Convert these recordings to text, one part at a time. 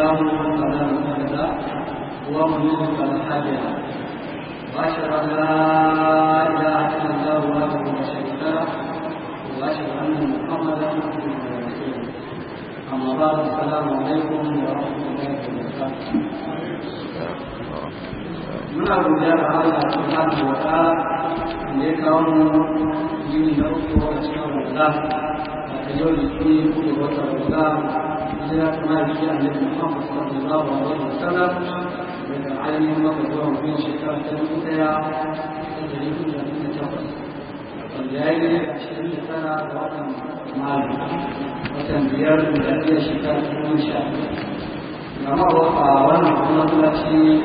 إلهنا فلا مضل له ومن فلا هادي له وأشهد أن لا إله إلا الله وحده لا شريك له وأشهد أن محمدا عبده ورسوله أما بعد السلام عليكم ورحمة الله وبركاته muna godiya ga Allah subhanahu wa ta'ala da ya kawo mu yini na uku a cikin Ramadan a yau da ke kuma wata Ramadan الجنات المالية التي محمد صلى الله عليه وسلم عليهم وقدرهم من شتات المنتهى تجريبية جميل الجبل والجاهلية عشرين سنة وطن مالي وتنبيار مدرية شتات المنشأ كما وقع وانا محمد لكشي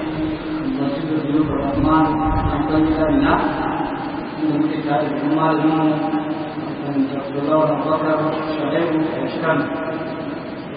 مسجد بيوت الرحمن أحسن سنة من كتاب المال من عبد الله بن بكر شعيب الشمس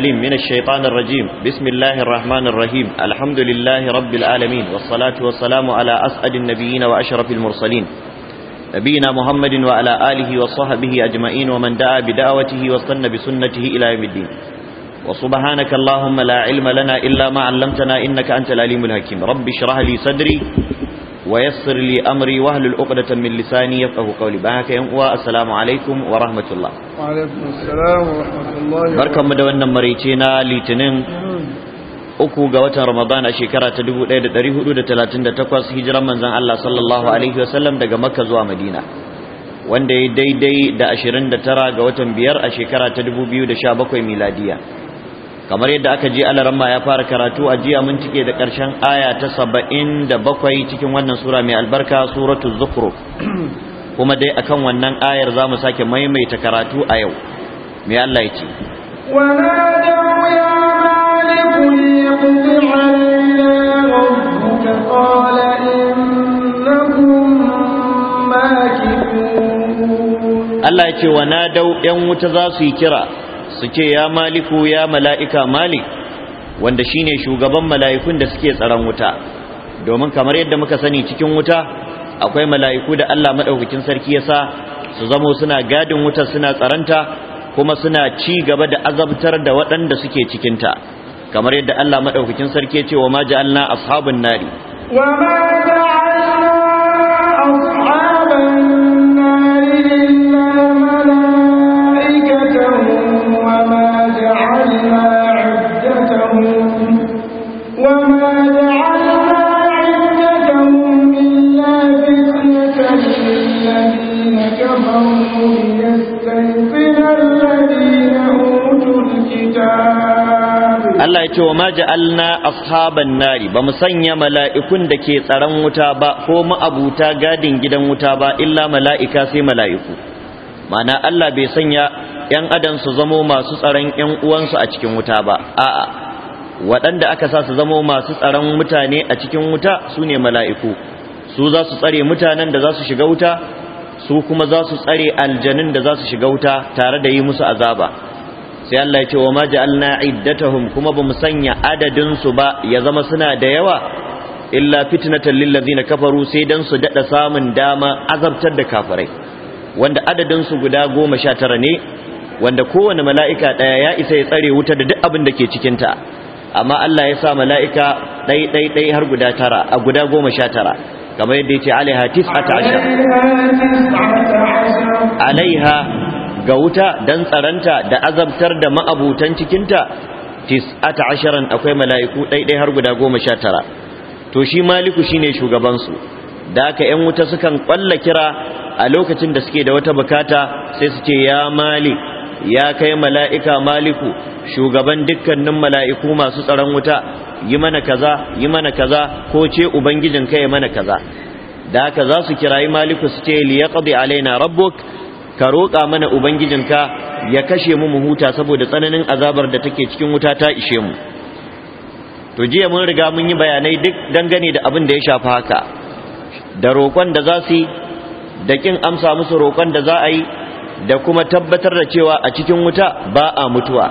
العليم من الشيطان الرجيم بسم الله الرحمن الرحيم الحمد لله رب العالمين والصلاة والسلام على أسعد النبيين وأشرف المرسلين نبينا محمد وعلى آله وصحبه أجمعين ومن دعا بدعوته واستنى بسنته إلى يوم الدين وسبحانك اللهم لا علم لنا إلا ما علمتنا إنك أنت العليم الحكيم رب اشرح لي صدري ويسر لي أمري واهل العقدة من لساني يفقه قولي باك يوم السلام عليكم ورحمة الله mu da wannan marice na litinin uku ga watan ramadan a shekara ta 1438 hijiran manzan Allah sallallahu alaihi wasallam daga makka zuwa madina wanda ya daidai da 29 ga watan biyar a shekara ta 2017 miladiya kamar yadda aka ji alaramma ya fara karatu a jiya mun cike da ƙarshen aya ta 77 cikin wannan sura mai albarka suratul zukhruf kuma dai akan wannan ayar zamu sake maimaita karatu a yau me Allah ya ce Allah ya ce wa na dau ‘yan wuta za su yi kira suke ya maliku ya mala'ika malik wanda shine shugaban mala'ikun da suke tsaron wuta domin kamar yadda muka sani cikin wuta akwai mala'iku da Allah madaukakin sarki ya sa su zamo suna gadin wuta suna tsaranta kuma suna ci gaba da azabtar da waɗanda suke cikin ta kamar yadda Allah madaukakin sarki ya ce wa ma ja'alna ashabun nari wa ma Allah ya ce wa ma ja'alna ashaban nari ba mu sanya mala'ikun da ke tsaron wuta ba ko ma'abuta gadin gidan wuta ba illa mala'ika sai mala'iku ma'ana Allah bai sanya yan adam su zamo masu tsaron yan uwansu a cikin wuta ba a'a waɗanda aka sa su zamo masu tsaron mutane a cikin wuta su ne mala'iku su za su tsare mutanen da za su shiga wuta su kuma za su tsare aljanin da za su shiga wuta tare da yi musu azaba sai Allah ya ce wa ma ja'alna iddatahum kuma bamu sanya adadin su ba ya zama suna da yawa illa fitnatan lil ladzina kafaru sai dan su dada samun dama azabtar da kafirai wanda adadin su guda 19 ne wanda kowane mala'ika daya ya isa ya tsare wuta da duk abin da ke cikin ta amma Allah ya sa mala'ika dai dai dai har guda tara a guda 19 kamar yadda yace alaiha 19 alaiha ga wuta dan tsaranta da azabtar da ma'abutan cikinta tis'ata ashirin akwai mala'iku ɗaiɗai har guda goma sha tara to shi maliku shine shugabansu da haka 'yan wuta sukan kwalla kira a lokacin da suke da wata bukata sai su ce ya mali ya kai mala'ika maliku shugaban dukkanin mala'iku masu tsaron wuta yi mana kaza yi mana kaza ko ce ubangijin kai mana kaza da haka za su kirayi maliku su ce liyaqdi alaina rabbuk ka roƙa mana ubangijinka ya kashe mu mu huta saboda tsananin azabar da take cikin wuta ta ishe mu to jiya mun riga mun yi bayanai duk dangane da abin da ya shafi haka da roƙon da za su yi da ƙin amsa musu roƙon da za a yi da kuma tabbatar da cewa a cikin wuta ba a mutuwa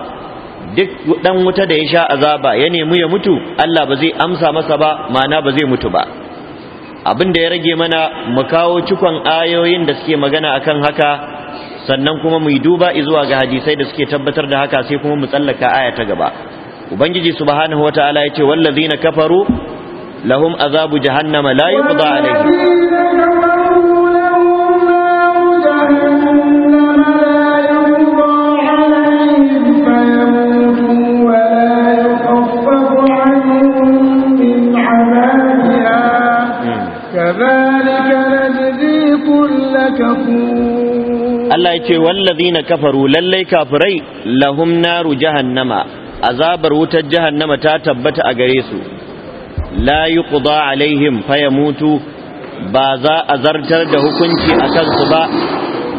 duk ɗan wuta da ya sha azaba ya nemi ya mutu Allah ba zai amsa masa ba mana ba zai mutu ba abin da ya rage mana mu kawo cikon ayoyin da suke magana akan haka sannan kuma mu duba izuwa ga hadisai da suke tabbatar da haka sai kuma mu tsallaka aya ta gaba ubangiji subhanahu wataala yace wallazina kafaru lahum azabu jahannama la yuqda alaihim Allah ya ce wallazina kafaru lallai kafirai lahum naru jahannama azabar wutar jahannama ta tabbata a gare su la yuqda alaihim fayamutu ba za a zartar da hukunci a kansu ba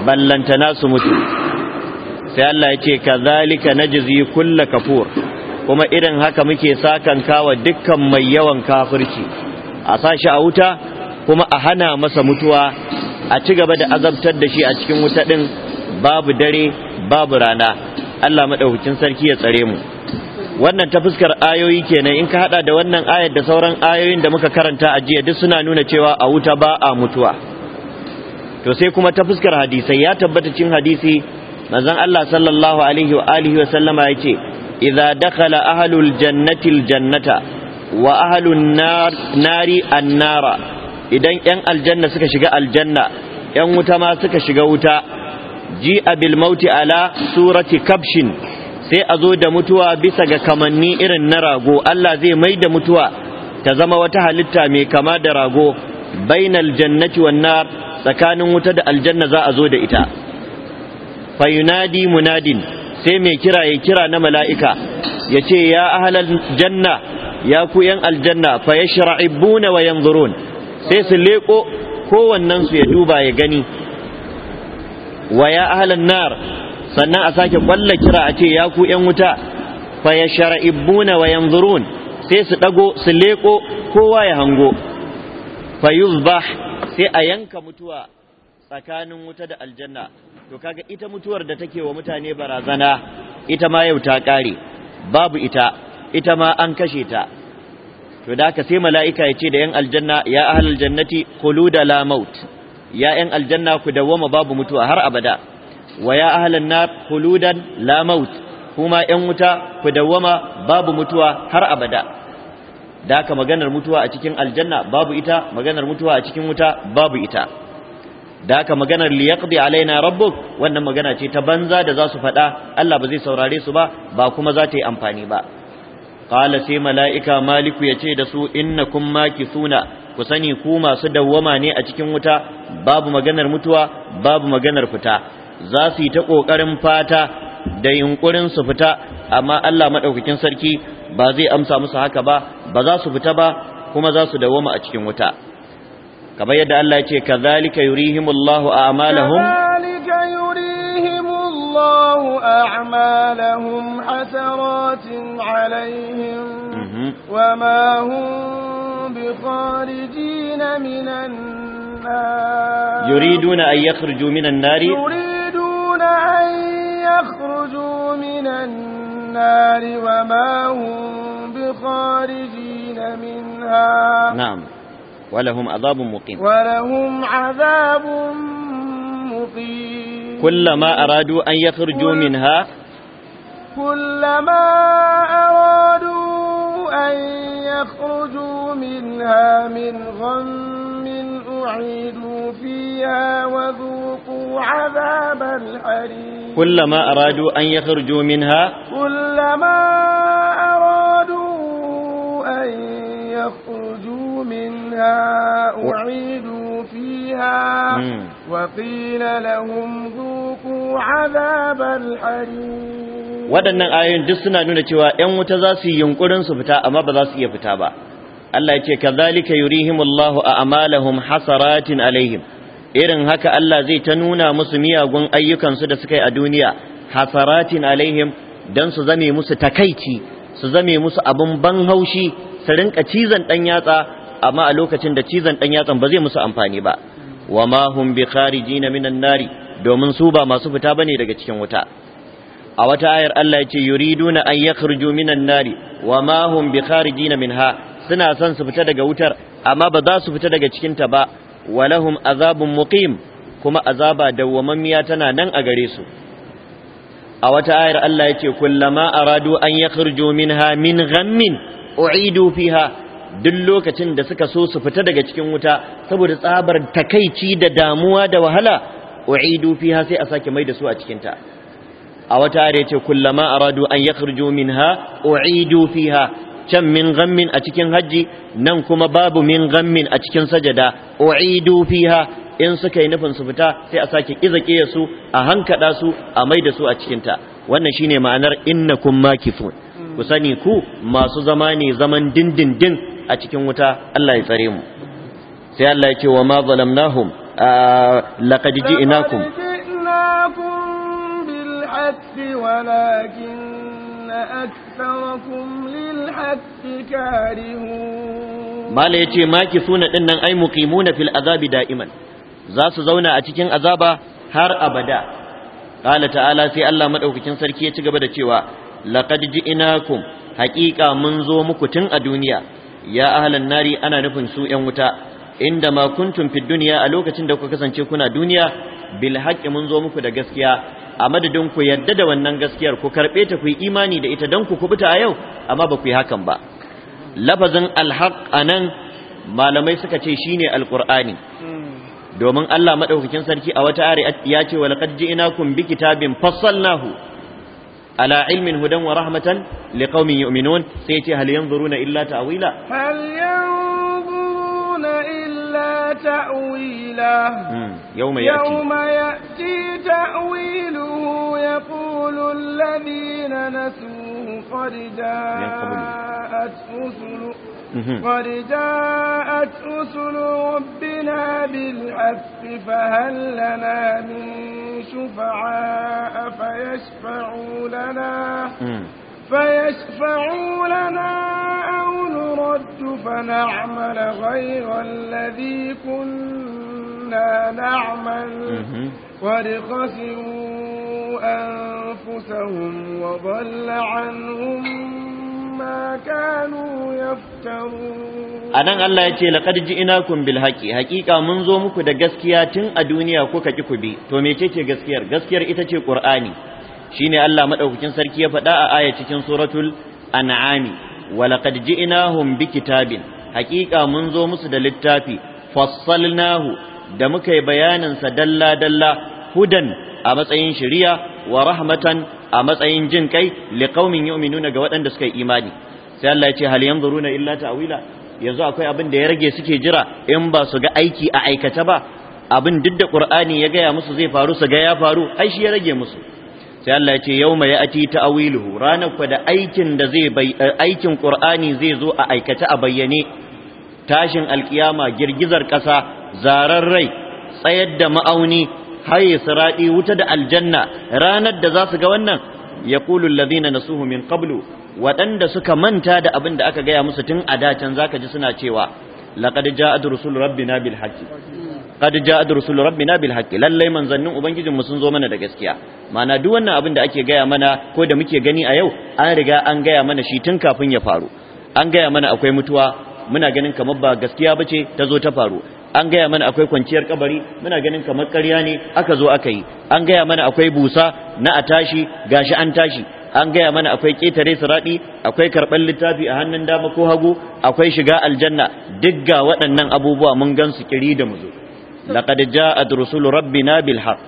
ballantana su mutu sai Allah ya ce kazalika najzi kulla kafur kuma irin haka muke sakan kawa dukkan mai yawan kafirci a sashi a wuta kuma a hana masa mutuwa a ci gaba da azabtar da shi a cikin wuta ɗin babu dare babu rana Allah madaukakin sarki ya tsare mu wannan ta fuskar ayoyi kenan in ka hada da wannan ayar da sauran ayoyin da muka karanta a jiya duk suna nuna cewa a wuta ba a mutuwa to sai kuma ta fuskar hadisai ya tabbata cin hadisi manzon Allah sallallahu alaihi wa alihi wa sallama yace idza dakhala ahlul jannati jannata wa ahlun nar nari annara idan yan aljanna suka shiga aljanna yan wuta ma suka shiga wuta ji abil mauti ala surati kabshin sai a zo da mutuwa bisa ga kamanni irin na rago Allah zai mai da mutuwa ta zama wata halitta mai kama da rago bainal jannati wan nar tsakanin wuta da aljanna za a zo da ita Fa yunadi munadin sai mai kira ya kira na mala'ika ya ce ya ahlal janna ya ku yan aljanna fa ya shira'ibuna wa yanzurun sai su leko kowannen su ya duba ya gani wa ya ahlan nar sannan a sake kwalla kira a ce ya ku yan wuta fa yashra'ibuna wa yanzurun sai su dago su leko kowa ya hango fa yuzbah sai a yanka mutuwa tsakanin wuta da aljanna to kaga ita mutuwar da take wa mutane barazana ita ma yau ta kare babu ita ita ma an kashe ta to da ka sai mala'ika ya ce da yan aljanna ya ahlal jannati da la maut ya yan aljanna ku dawwama babu mutuwa har abada wa ya ahlan nar da la maut kuma yan wuta ku dawwama babu mutuwa har abada da ka maganar mutuwa a cikin aljanna babu ita maganar mutuwa a cikin wuta babu ita da ka maganar liyaqdi alaina rabbuk wannan magana ce ta banza da za su faɗa Allah ba zai saurare su ba ba kuma za ta yi amfani ba qala sai mala'ika maliku yace da su innakum makithuna ku sani ku masu dawwama ne a cikin wuta babu maganar mutuwa babu maganar fita za su yi ta kokarin fata da yunkurin su fita amma Allah madaukakin sarki ba zai amsa musu haka ba ba za su fita ba kuma za su dawwama a cikin wuta kamar yadda Allah ya ce kadhalika yurihimullahu a'malahum الله أعمالهم حسرات عليهم وما هم بخارجين من النار يريدون أن يخرجوا من النار يريدون أن يخرجوا من النار وما هم بخارجين منها نعم ولهم عذاب مقيم ولهم عذاب مقيم كلما أرادوا أن يخرجوا منها كلما أرادوا أن يخرجوا منها من غم أعيدوا فيها وذوقوا عذاب الحريق كلما أرادوا أن يخرجوا منها كلما أرادوا أن يخرجوا منها أعيدوا فيها وقيل لهم waɗannan ayoyin duk suna nuna cewa ‘yan wuta za su yi yunkurin su fita amma ba za su iya fita ba Allah ya ce kazalika yurihimullahu a amalahum hasaratin alaihim irin haka Allah zai ta nuna musu miyagun ayyukansu da suka yi a duniya hasaratin alaihim don su zame musu takaici su zame musu abin ban haushi su rinka cizon ɗan yatsa amma a lokacin da cizon ɗan yatsan ba zai musu amfani ba wa ma hum bi kharijina minan nari domin su ba masu fita bane daga cikin wuta a wata ayar Allah ya ce yuriduna an yakhruju minan nari wa ma hum bikharijina minha suna son su fita daga wutar amma ba za su fita daga cikin ta ba walahum azabun muqim kuma azaba dawwamammiya tana nan a gare su a wata ayar Allah yace kullama aradu an yakhruju minha min ghammin u'idu fiha duk lokacin da suka so su fita daga cikin wuta saboda tsabar takaici da damuwa da wahala u'idu fiha sai a sake mai da su a cikin ta a wata are ce kullama aradu an yakhruju minha u'idu fiha can min ghammin a cikin hajji nan kuma babu min ghammin a cikin sajada u'idu fiha in suka yi nufin su fita sai a sake kizake su a hankada su a mai da su a cikin ta wannan shine ma'anar innakum makifun ku sani ku masu zama ne zaman dindindin a cikin wuta Allah ya tsare mu sai Allah ya ce wa ma zalamnahum لقد جئناكم بالحق ولكن أكثركم للحق كارهون ما ليتي ما سونة إنن أي مقيمون في العذاب دائما زاس زونا أتكين أذابا هر أبدا قال تعالى في الله مدعوكين سركية تقبل تشيوا لقد جئناكم حقيقة منذ مكتن دنيا يا ahalan النار ana نفن su ‘yan wuta inda ma kuntum fi dunya a lokacin da kuka kasance kuna duniya bil haqqi mun zo muku da gaskiya a madadin ku yadda da wannan gaskiyar ku karbe ta ku yi imani da ita dan ku kubuta a yau amma ba ku yi hakan ba lafazin al haqq anan malamai suka ce shine alqur'ani domin Allah madaukakin sarki a wata ari ya ce wa laqad ji'nakum bi kitabin fassalnahu ala ilmin hudan wa rahmatan liqaumin yu'minun sai ya ce hal yanzuruna illa ta'wila hal yanzuruna إلا تأويله يوم يأتي يوم يأتي تأويله يقول الذين نسوه قد جاءت رسل قد جاءت رسل ربنا بالحق فهل لنا من شفعاء فيشفعوا لنا فيشفعوا لنا أو نرد فنعمل غير الذي كنا نعمل قد أنفسهم وضل عنهم ما كانوا يفترون a nan Allah ya ce laƙar ji ina kun bil haƙi mun zo muku da gaskiya tun a duniya kuka ki ku bi to mecece gaskiyar gaskiyar ita ce ƙur'ani shine Allah madaukakin sarki ya faɗa a aya cikin suratul an'ami walaqad ji'nahum kitabin. Haƙiƙa mun zo musu da littafi fassalnahu da muka yi bayanin sa dalla dalla hudan a matsayin shari'a wa rahmatan a matsayin jin kai liqaumin yu'minuna ga waɗanda suka yi imani sai Allah ya ce hal yanzuruna illa yanzu akwai abin da ya rage suke jira in ba su ga aiki a aikata ba abin duk da Qur'ani ya gaya musu zai faru su ga ya faru ai shi ya rage musu sai Allah ya ce yawma ranar fa da aikin da zai eh, aikin zai zo a aikace a bayyane tashin alƙiyama, girgizar ƙasa zarar rai tsayar da ma'auni haye siraɗi, wuta da aljanna ranar da za su ga wannan yaqulu na nasuhu min qablu waɗanda suka manta da abin da aka gaya musu tun a dacen ka ji suna cewa laqad ja'at rusul rabbina bil haqqi qad ja'at rusul rabbina bil haqqi man manzannin ubangijin mu sun zo mana da gaskiya ma'ana duk wannan abin da ake gaya mana ko da muke gani a yau an riga an gaya mana shi tun kafin ya faru an gaya mana akwai mutuwa muna ganin kamar ba gaskiya bace ta zo ta faru an gaya mana akwai kwanciyar kabari muna ganin kamar ƙarya ne aka zo aka yi an gaya mana akwai busa na a tashi gashi an tashi an gaya mana akwai ƙetare siraɗi akwai karɓar littafi a hannun dama ko hagu akwai shiga aljanna duk ga waɗannan abubuwa mun gan su kiri da mu zo. laqad ja'at rusulu rabbina bil haqq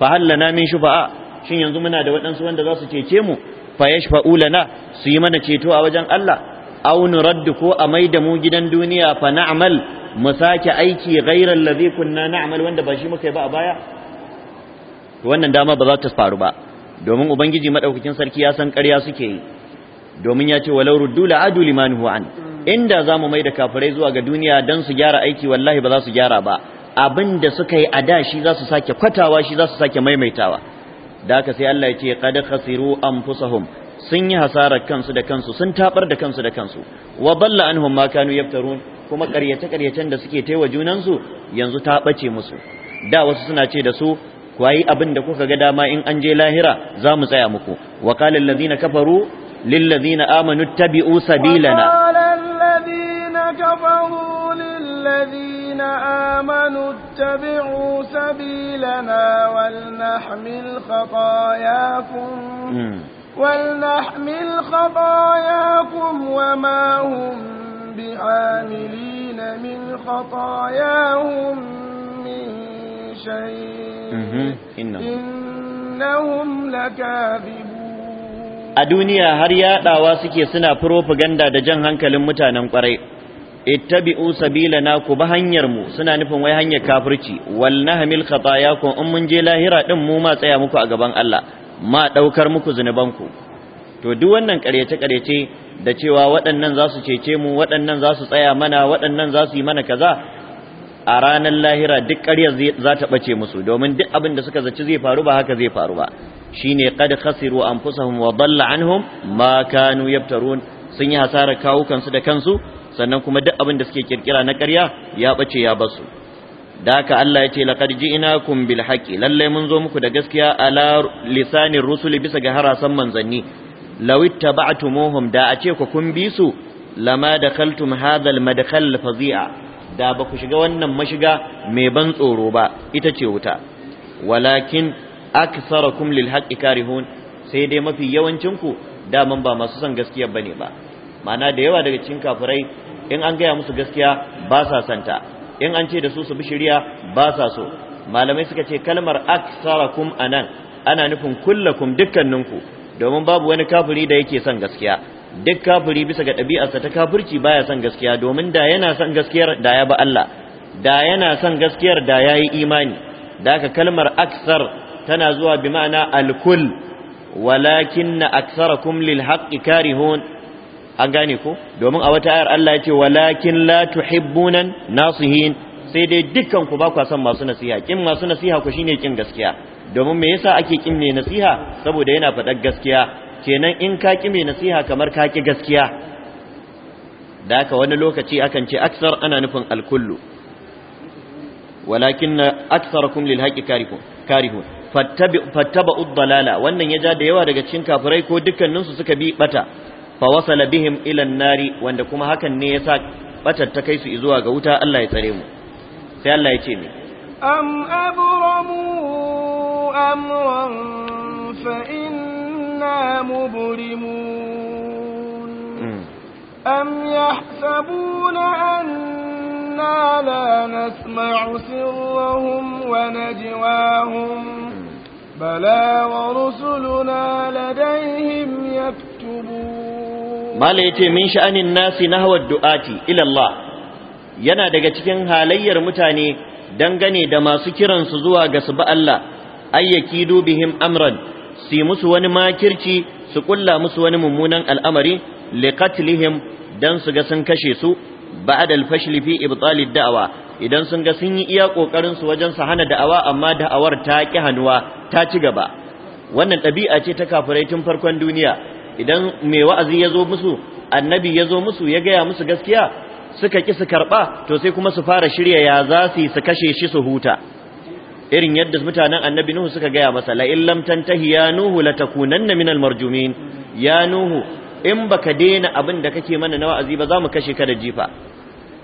fa hal lana min shufa'a shin yanzu muna da waɗansu wanda za su cece mu fa yashfa'u lana su yi mana ceto a wajen Allah aw nuraddu ko a maida mu gidan duniya fa na'mal mu sake aiki ghairal ladhi kunna na'mal wanda ba shi muka yi ba a baya wannan dama ba za ta faru ba domin ubangiji madaukakin sarki ya san ƙarya suke yi domin ya ce walau ruddu la adu liman huwa an inda zamu mai da kafirai zuwa ga duniya dan su gyara aiki wallahi ba za su gyara ba abin da suka yi a da shi za su sake kwatawa shi za su sake maimaitawa da haka sai Allah ya ce qad khasiru anfusahum sun yi hasarar kansu da kansu sun taɓar da kansu da kansu wa balla anhum ma kanu yaftarun kuma ƙaryace ƙaryacen da suke taiwa junansu yanzu ta ɓace musu da wasu suna ce da su ku yi abin da kuka ga dama in an je lahira za mu tsaya muku wa qala kafaru lil amanu tabi'u sabilana الذين آمنوا اتبعوا سبيلنا ولنحمل خطاياكم ولنحمل خطاياكم وما هم بحاملين من خطاياهم من شيء إنهم لكاذبون a duniya har yaɗawa suke suna propaganda da jan hankalin mutanen kwarai ittabi'u sabilana ku ba hanyar mu suna nufin wai hanyar kafirci wal nahmil khatayakum in mun je lahira din mu ma tsaya muku a gaban Allah ma daukar muku ku. to duk wannan karyace karyace da cewa waɗannan za su cece mu waɗannan za su tsaya mana waɗannan za su yi mana kaza a ranar lahira duk ƙaryar za ta ɓace musu domin duk abin da suka zaci zai faru ba haka zai faru ba shine qad khasiru anfusahum wa dalla anhum ma kanu yabtarun sun yi hasarar kawukansu da kansu sannan kuma duk abin da suke kirkira na ƙarya ya bace ya basu da haka Allah ya ce laqad ji'nakum bil haqqi lalle mun zo muku da gaskiya ala lisanir rusuli bisa ga harasan manzanni law ittaba'tumuhum da a ce ku kun bi su lama dakhaltum hadha al madkhal fazi'a da ba ku shiga wannan mashiga mai ban tsoro ba ita ce wuta walakin aksarakum lil haqqi karihun sai dai mafi yawancin ku daman ba masu son gaskiya bane ba ma'ana da yawa daga cikin kafirai in an gaya musu gaskiya ba sa santa in an ce da su su bi shari'a ba sa so malamai suka ce kalmar aksarakum anan ana nufin kullakum dukkaninku domin babu wani kafiri da yake son gaskiya duk kafiri bisa ga ɗabi'arsa ta kafirci baya son gaskiya domin da yana son gaskiyar da ya ba Allah da yana son gaskiyar da ya yi imani da haka kalmar aksar tana zuwa bi ma'ana alkul walakin na kum lil haƙƙi karihun an gane ko domin a wata ayar Allah ya ce walakin la tuhibbunan nasihin sai dai dukkan ku ba ku san masu nasiha kin masu nasiha ku shine kin gaskiya domin me yasa ake kin ne nasiha saboda yana fadar gaskiya kenan in ka ki me nasiha kamar ka ki gaskiya da haka wani lokaci akan ce aksar ana nufin alkullu walakin aksarakum lil haqqi karihun karihun ud dalala wannan ya ja da yawa daga cikin kafirai ko dukkaninsu suka bi bata fa wasala bihim nari wanda kuma hakan ne yasa batar ta kai su zuwa ga wuta Allah ya tsare mu sai Allah ya ce me am abramu amran fa inna mubrimun hmm. am yahsabuna anna la nasma'u sirrahum wa najwahum بلى ورسلنا لديهم يكتبون mala yace min sha'anin nasi nahwa du'ati ila Allah yana daga cikin halayyar mutane dangane da masu kiransu zuwa ga su ba Allah ayyaki dubihim amran si musu wani makirci su kulla musu wani mummunan al'amari liqatlihim dan su ga sun kashe su ba'da al-fashli fi ibtali da'wa idan sun ga sun yi iya kokarin su wajen su hana da'awa amma da'awar ta ki hanuwa ta ci gaba wannan ɗabi'a ce ta kafirai tun farkon duniya idan mai wa'azi ya zo musu annabi ya zo musu ya gaya musu gaskiya suka ki su karɓa to sai kuma su fara shirya ya za su su kashe shi su huta irin yadda mutanen annabi nuhu suka gaya masa la in lam tantahi ya nuhu la na minal marjumin ya nuhu in baka daina abin da kake mana na wa'azi ba za mu kashe ka da jifa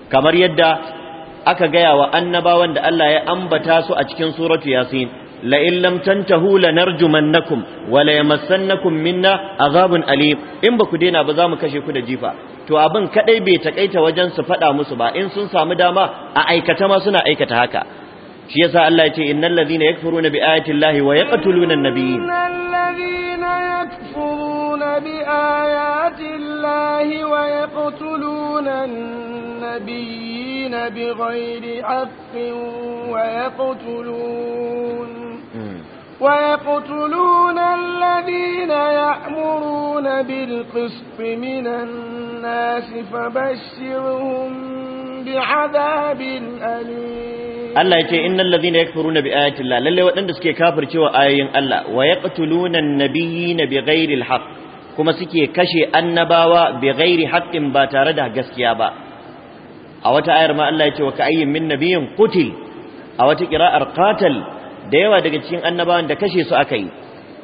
kamar yadda aka gaya wa annabawan da Allah ya ambata su a cikin suratu yasin la'in lam tantahu lanarjumannakum wa la yamassannakum minna azabun alim in ba ku daina ba za mu kashe ku da jifa to abin kaɗai bai takaita wajen su faɗa musu ba in sun samu dama a aikata ma suna aikata haka shi yasa Allah ya ce innal ladhina yakfuruna bi الله ويقتلون النبيين بغير حق ويقتلون ويقتلون الذين يأمرون بالقسط من الناس فبشرهم بعذاب أليم Allah ya ce innal ladhina yakfuruna bi ayati Allah lalle waɗanda suke kafircewa ayoyin Allah wa yaqtuluna an-nabiyina bighairi al-haq kuma suke kashe annabawa bighairi haqqin ba tare da gaskiya ba a wata ayar ma Allah ya ce wa ka'ayyin min nabiyyin kutil a wata qira'ar qatal da yawa daga cikin annabawan da kashe su aka yi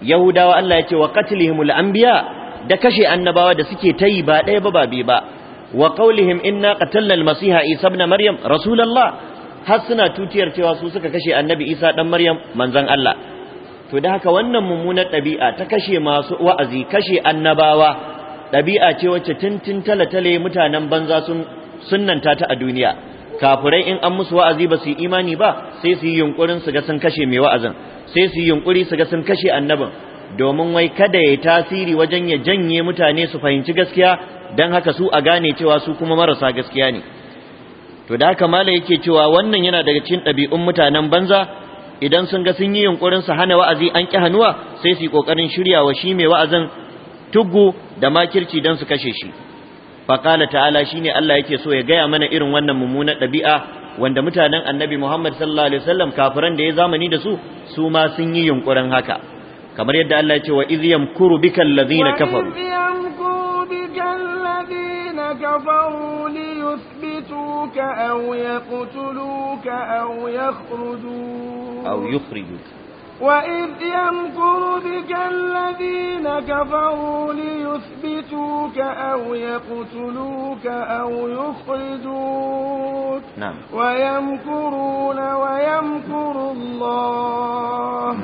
yahudawa Allah ya ce wa al anbiya da kashe annabawa da suke ta ba ɗaya ba ba ba wa qawlihim inna qatalna al-masiha isa ibn maryam rasulullah har suna tutiyar cewa su suka kashe annabi isa dan maryam manzon Allah to da haka wannan mummunar ɗabi'a ta kashe masu wa'azi kashe annabawa ɗabi'a ce wacce tintin talatale mutanen banza sun sunnanta ta a duniya kafirai in an musu wa'azi ba su yi imani ba sai su yi yunkurin su ga sun kashe mai wa'azin sai su yi yunkuri su ga sun kashe annabin domin wai kada ya tasiri wajen ya janye mutane su fahimci gaskiya dan haka su a gane cewa su kuma marasa gaskiya ne to da haka mala yake cewa wannan yana daga cikin ɗabi'un mutanen banza idan sun ga sun yi yunkurin su hana wa'azi an ki hannuwa sai su yi kokarin shiryawa shi mai wa'azin tuggu da makirci dan su kashe shi faqala ta'ala shine Allah yake so ya gaya mana irin wannan mummunar ɗabi'a wanda mutanen annabi Muhammad sallallahu alaihi wasallam kafiran da ya zamani da su su ma sun yi yunkurin haka kamar yadda Allah ya ce wa idh yamkuru bikal ladina kafaru كفروا ليثبتوك أو يقتلوك أو يخرجوك أو يخرجوك وإذ يمكر بك الذين كفروا ليثبتوك أو يقتلوك أو يخرجوك نعم. ويمكرون ويمكر الله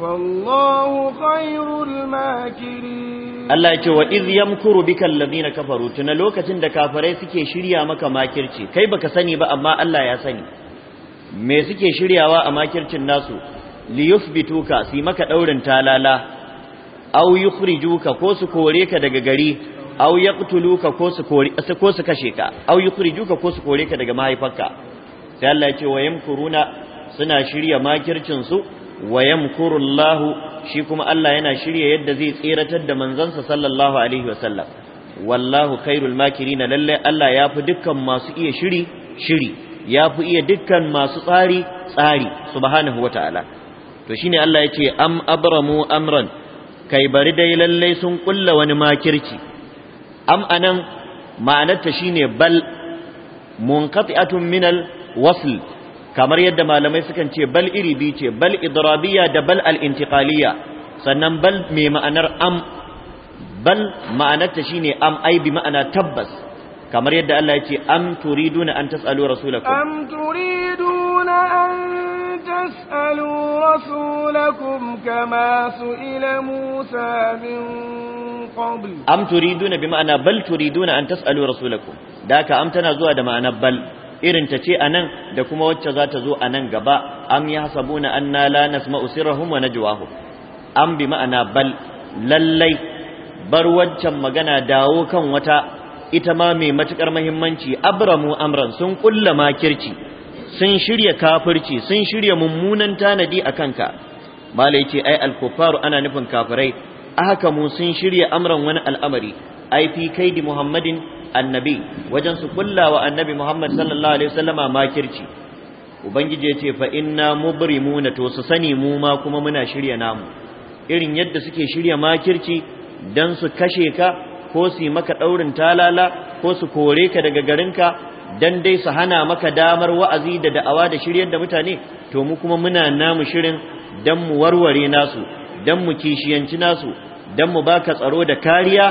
والله خير الماكرين Allah ya ce wa iz yamkuru bikal ladina kafaru tuna lokacin da kafirai suke shirya maka makirci kai baka sani ba amma Allah ya sani me suke shiryawa a makircin nasu li yuthbituka suyi maka daurin talala aw yukhrijuka ko su kore ka daga gari aw yaqtuluka ko su kore ko su kashe ka aw yukhrijuka ko su kore ka daga mahaifarka sai Allah ya ce wa yamkuruna suna shirya makircin su wa yamkurullahu shi kuma Allah yana shirya yadda zai tsiratar da manzansa sallallahu alaihi wasallam wallahu khairul makirin lalle Allah ya fi dukkan masu iya shiri shiri ya fi iya dukkan masu tsari tsari subhanahu wataala to shine Allah yace ce am abramu amran kai bari dai lallai sun kulla wani makirci am anan ma'anarta shine bal munqati'atun minal wasl kamar yadda malamai sukan ce bal iri biyu ce bal idrabiya da bal al sannan bal mai ma'anar am bal ma'anarta shine am ai bi ma'ana tabbas kamar yadda Allah yace ce am turiduna an tasalu rasulakum am turiduna تسألوا رسولكم كما سئل موسى من قبل أم تريدون بمعنى بل تريدون أن تسألوا رسولكم داك أم تنزوا ده معنى بل irin ta ce anan da kuma wacce za ta zo nan gaba am ya hasabuna anna la nasma'u sirrahum wa najwahum am bi ma'ana bal lallai bar waccan magana dawo kan wata ita ma mai matukar muhimmanci abramu amran sun kulla makirci sun shirya kafirci sun shirya mummunan tanadi a kanka malai ce ai alkufaru ana nufin kafirai haka mu sun shirya amran wani al'amari ai fi kaidi muhammadin annabi wajen su wa annabi muhammad sallallahu alaihi wasallama makirci ubangiji ya ce fa inna mubrimuna to su sani mu ma kuma muna shirya namu irin yadda suke shirya makirci dan su kashe ka ko su maka daurin talala ko su kore ka daga garinka dan dai su hana maka damar wa'azi da da'awa da shiryar da mutane to mu kuma muna namu shirin dan mu warware nasu dan mu kishiyanci nasu dan mu baka tsaro da kariya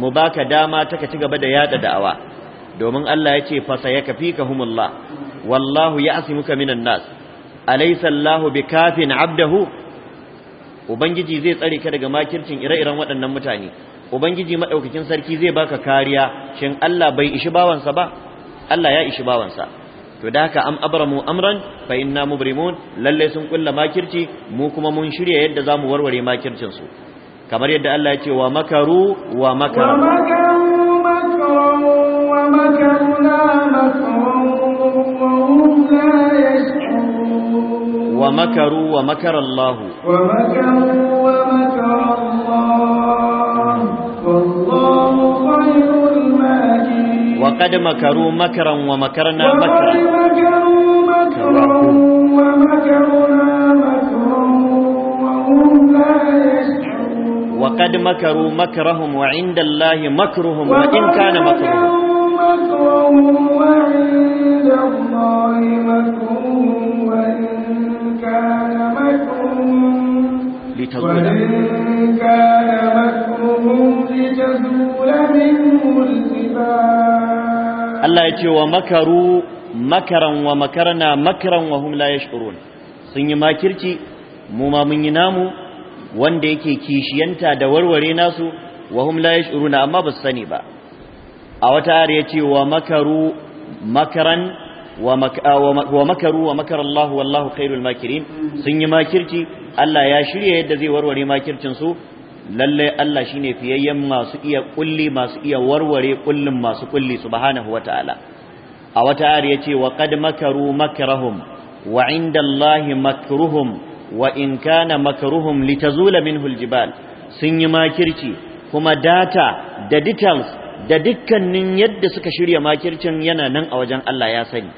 mu baka dama ta ka ci gaba da yada da'awa domin Allah ya ce fa sayakfikahumullah wallahu ya'simuka minan nas alaysa Allahu bikafin abdahu ubangiji zai tsare ka daga makircin ire-iren waɗannan mutane ubangiji madaukakin sarki zai baka kariya shin Allah bai ishi bawansa ba Allah ya ishi bawansa to da haka am abramu amran fa inna mubrimun lalle sun kulla makirci mu kuma mun shirya yadda zamu warware makircin su kamar yadda Allah ya ce wa makaru wa makaru wa makaru wa makaru wa makara Allah wa makaru وقد مكروا مكرا ومكرنا مكرا وقد مكروا مكرهم وعند الله مكرهم وإن كان مكرهم وعند الله مكرهم وإن كان مكرهم لتزول كان مكرهم لتزول منه الجبال Allah ya ce wa makaru makaran wa makarna makaran wa hum la yash'urun sun yi makirci mu ma mun yi namu wanda yake kishiyanta da warware nasu wa hum la yash'uruna amma ba sani ba a wata ayar ya ce wa makaru makaran wa makaru wa makara Allah wallahu khairul makirin sun yi makirci Allah ya shirya yadda zai warware makircin su lallai Allah shine fiyayyen masu iya kulli masu iya warware kullin masu kulli subhanahu wataala a wata ayar yace wa qad makaru makrahum wa inda Allahi makruhum wa in kana makruhum litazula minhu aljibal sun yi makirci kuma data da details da dukkanin yadda suka shirya makircin yana nan a wajen Allah ya sani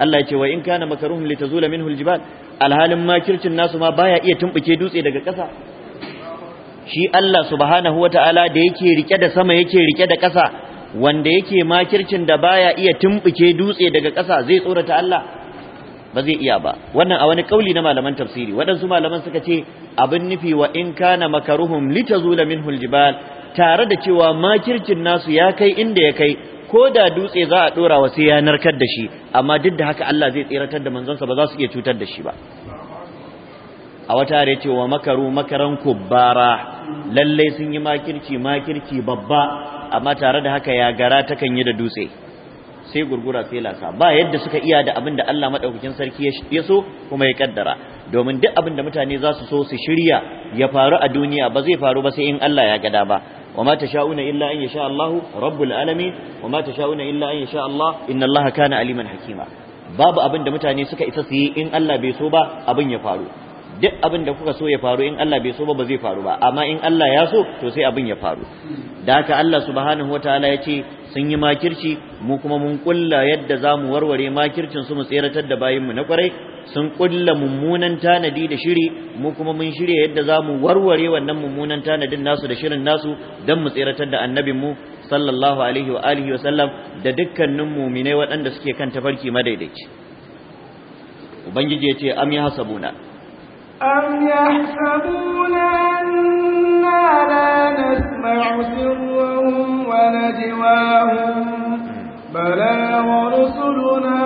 Allah ya wa in kana makaruhum litazula minhu aljibal alhalin makircin nasu ma baya iya tumbuke dutse daga ƙasa shi Allah subhanahu ta'ala da yake rike da sama yake rike da ƙasa wanda yake makircin da baya iya tumbuke dutse daga ƙasa zai tsorata Allah ba zai iya ba wannan a wani kauli na malaman tafsiri waɗansu malaman suka ce abin nufi wa in kana makaruhum litazula minhul jibal tare da cewa makircin nasu ya kai inda ya kai ko da dutse za a dora wa sai ya da shi amma duk da haka Allah zai tsiratar da manzonsa ba za su iya cutar da shi ba a wata da ce wa makaru makaran kubbara lallai sun yi makirci makirci babba amma tare da haka ya gara takan yi da dutse sai gurgura sai lasa ba yadda suka iya da abin da Allah madaukakin sarki ya so kuma ya kaddara domin duk abin da mutane za su so su shirya ya faru a duniya ba zai faru ba sai in Allah ya gada ba وما تشاءون إلا أن يشاء الله رب العالمين وما تشاءون إلا أن يشاء الله إن الله كان عليما حكيما babu abin da mutane suka isa su yi in Allah bai so ba abin ya faru duk abin da kuka so ya faru in Allah bai so ba ba zai faru ba amma in Allah ya so to sai abin ya faru da haka Allah subhanahu wataala ya ce sun yi makirci mu kuma mun kulla yadda za mu warware makircin su mu tseratar da bayinmu na kwarai sun kulla mummunan tanadi da shiri mu kuma mun shirya yadda za mu warware wannan mummunan tanadin nasu da shirin nasu don mu tseratar da annabinmu sallallahu alaihi wa alihi wa sallam da dukkanin muminai waɗanda suke kan tafarki madaidaici ubangiji ya ce am ya hasabuna أم يحسبون أنا لا نسمع سرهم ونجواهم بلى ورسلنا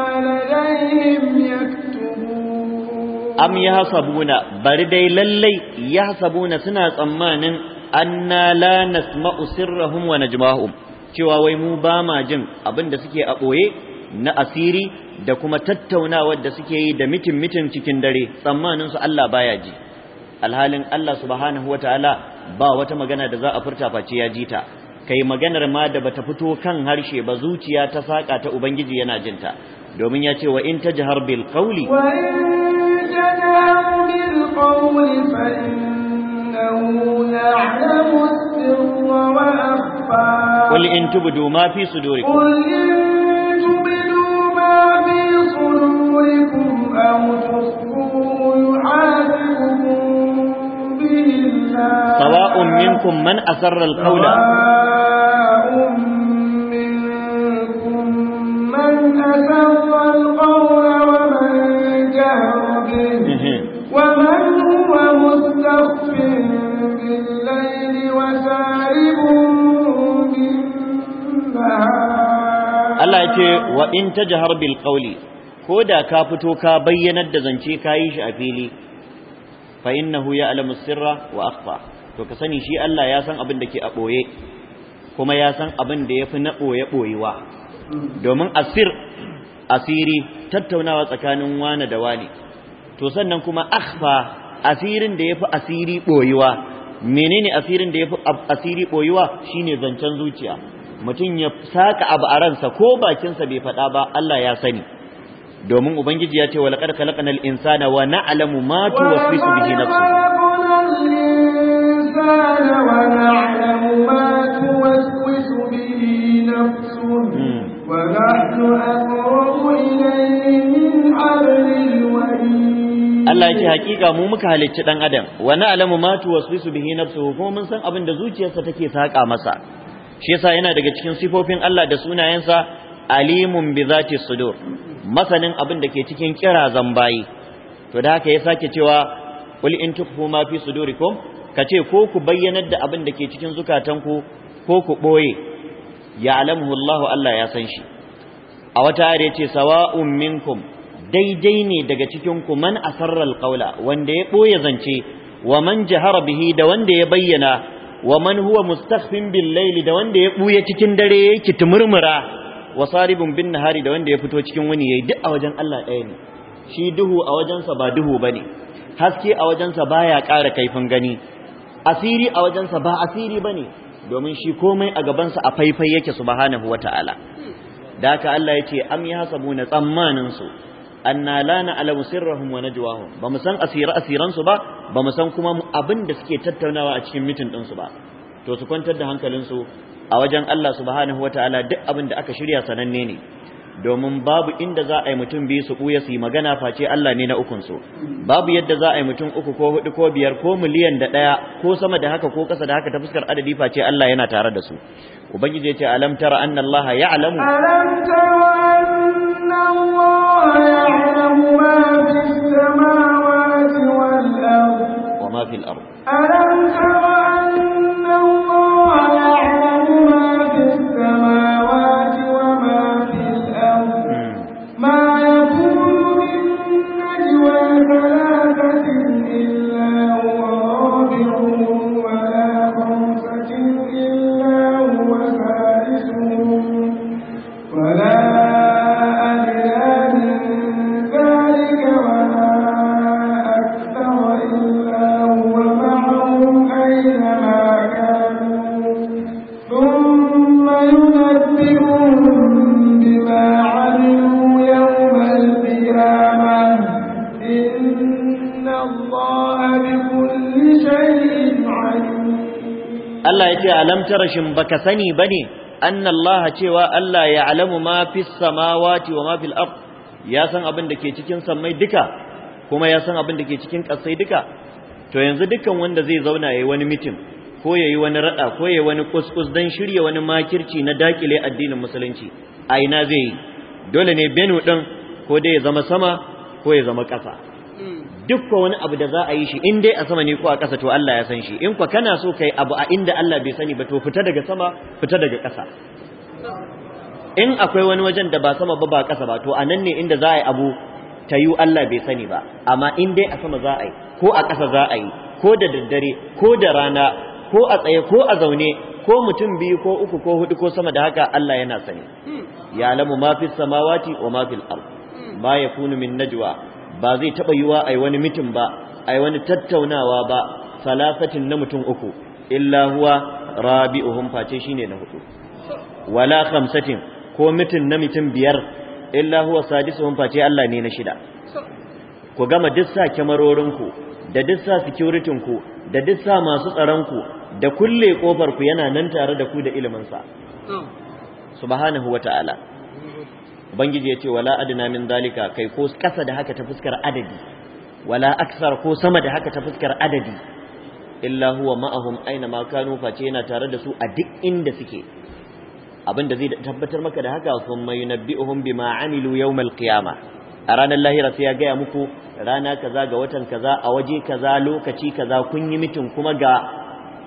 لديهم يكتبون أم يحسبون بردي للي يحسبون سنة أمان أنا لا نسمع سرهم ونجواهم cewa wai mu ba ma jin abin da suke a ɓoye na asiri da kuma tattaunawar da suke yi da mitin mitin cikin dare tsammanin su Allah baya ji alhalin Allah subhanahu wataala ba wata magana da za a furta face ya ji ta kai maganar ma da bata fito kan harshe ba zuciya ta saka ta ubangiji yana jinta domin ya ce wa in tajhar bil qawli wa in tajhar bil qawli fa innahu ya'lamu sirra wa akhfa qul in tubdu ma fi sudurikum سواء منكم من أسر القول سواء منكم من أسر القول ومن جهر به ومن هو مستخف بالليل وسارب بالنهار الله يقول وإن تجهر بالقول ko da ka fito ka bayyanar da zance ka yi shi a fili fa innahu ya'lamu sirra wa akhfa to ka sani shi Allah ya san abin da ke a boye kuma ya san abin da yafi na boye boyewa domin asir asiri tattaunawa tsakanin wani da wani to sannan kuma akhfa asirin da yafi asiri boyewa menene asirin da yafi asiri boyewa shine zancen zuciya mutum ya saka abu a ransa ko bakinsa bai faɗa ba Allah ya sani domin ubangiji ya ce walaqad khalaqnal insana wa na'lamu ma tuwaswisu bihi na nafsu hmm. Allah ya ce hakika mu muka halicci dan adam wa na'lamu ma tuwaswisu bihi na nafsuhu kuma mun san abin da zuciyarsa take saƙa masa shi yasa yana daga cikin sifofin Allah da sunayensa alimun bi zati sudur masanin abin da ke cikin kira zambayi to da haka ya sake cewa qul in tukhu ma fi sudurikum kace ko ku bayyanar da abin da ke cikin zukatanku ko ku boye ya'lamuhu Allahu Allah ya san shi a wata ayar yace sawa'un minkum daidai ne daga cikin ku man asarra alqawla wanda ya boye zance wa man jahara bihi da wanda ya bayyana wa man huwa mustakhfin bil da wanda ya buya cikin dare yake tumurmura wa saribun bin nahari da wanda ya fito cikin wani yayi duk a wajen Allah ɗaya ne shi duhu a wajensa ba duhu bane haske a wajensa baya ƙara kaifin gani asiri a wajensa ba asiri bane domin shi komai a gabansa a faifai yake subhanahu wata'ala da haka Allah ya ce am yahsabuna tsammanin su anna la na'lamu sirrahum wa najwahum ba mu san asira asiran ba ba mu san kuma abin da suke tattaunawa a cikin mitin din ba to su kwantar da hankalin su a wajen Allah subhanahu wa ta'ala duk abin da aka shirya sananne ne domin babu inda za a yi mutum biyu su buya su yi magana face Allah ne na ukun babu yadda za a yi mutum uku ko hudu ko biyar ko miliyan da ɗaya ko sama da haka ko ƙasa da haka ta fuskar adadi face Allah yana tare da su ubangiji ya ce alam tara ya Allah ya'lamu alam tara anna Allah ya'lamu ma fi samawati wa ma alam tara rashin rashin baka sani bane anna Allah cewa Allah ya alamu ma fi samawati wa ma fil ard ya san abin da ke cikin sammai duka kuma ya san abin da ke cikin kasai duka to yanzu dukkan wanda zai zauna yayi wani mitin ko yayi wani rada ko yayi wani kuskus dan shirye wani makirci na dakile addinin musulunci a ina zai yi dole ne benu din ko dai ya zama sama ko ya zama kasa duk wani abu da za a yi shi in dai a sama ne ko a ƙasa to Allah ya san shi in kwa kana so kai abu a inda Allah bai sani ba to fita daga sama fita daga ƙasa in akwai wani wajen da ba sama ba ba ƙasa ba to a ne inda za a yi abu ta yi Allah bai sani ba amma in dai a sama za a yi ko a ƙasa za a yi ko da daddare ko da rana ko a tsaye ko a zaune ko mutum biyu ko uku ko hudu ko sama da haka Allah yana sani hmm. ya lamu ma fi samawati wa ma fil ard hmm. ma yakunu min najwa ba zai taɓa yiwa a yi wani mitin ba a yi wani tattaunawa ba salafatin na mutum uku illa huwa uhun face ne na hudu wala kamsatin ko mitin na mutum biyar illa huwa sadisuhum face Allah ne na shida ku gama duk sa kyamarorinku da duk sa ku da duk sa masu tsaronku da kulle ƙofarku yana nan tare da ku da ilimin sa hmm. subhanahu wata'ala ubangiji ya ce wala adna min zalika kai ko kasa da haka ta fuskar adadi wala aksar ko sama da haka ta fuskar adadi illa huwa ma'ahum aina ma kanu face yana tare da su a duk inda suke abin da zai tabbatar maka da haka sun mai nabbi'uhum bima amilu yawmal qiyama a ranar lahira sai ya gaya muku rana kaza ga watan kaza a waje kaza lokaci kaza kun yi mitin kuma ga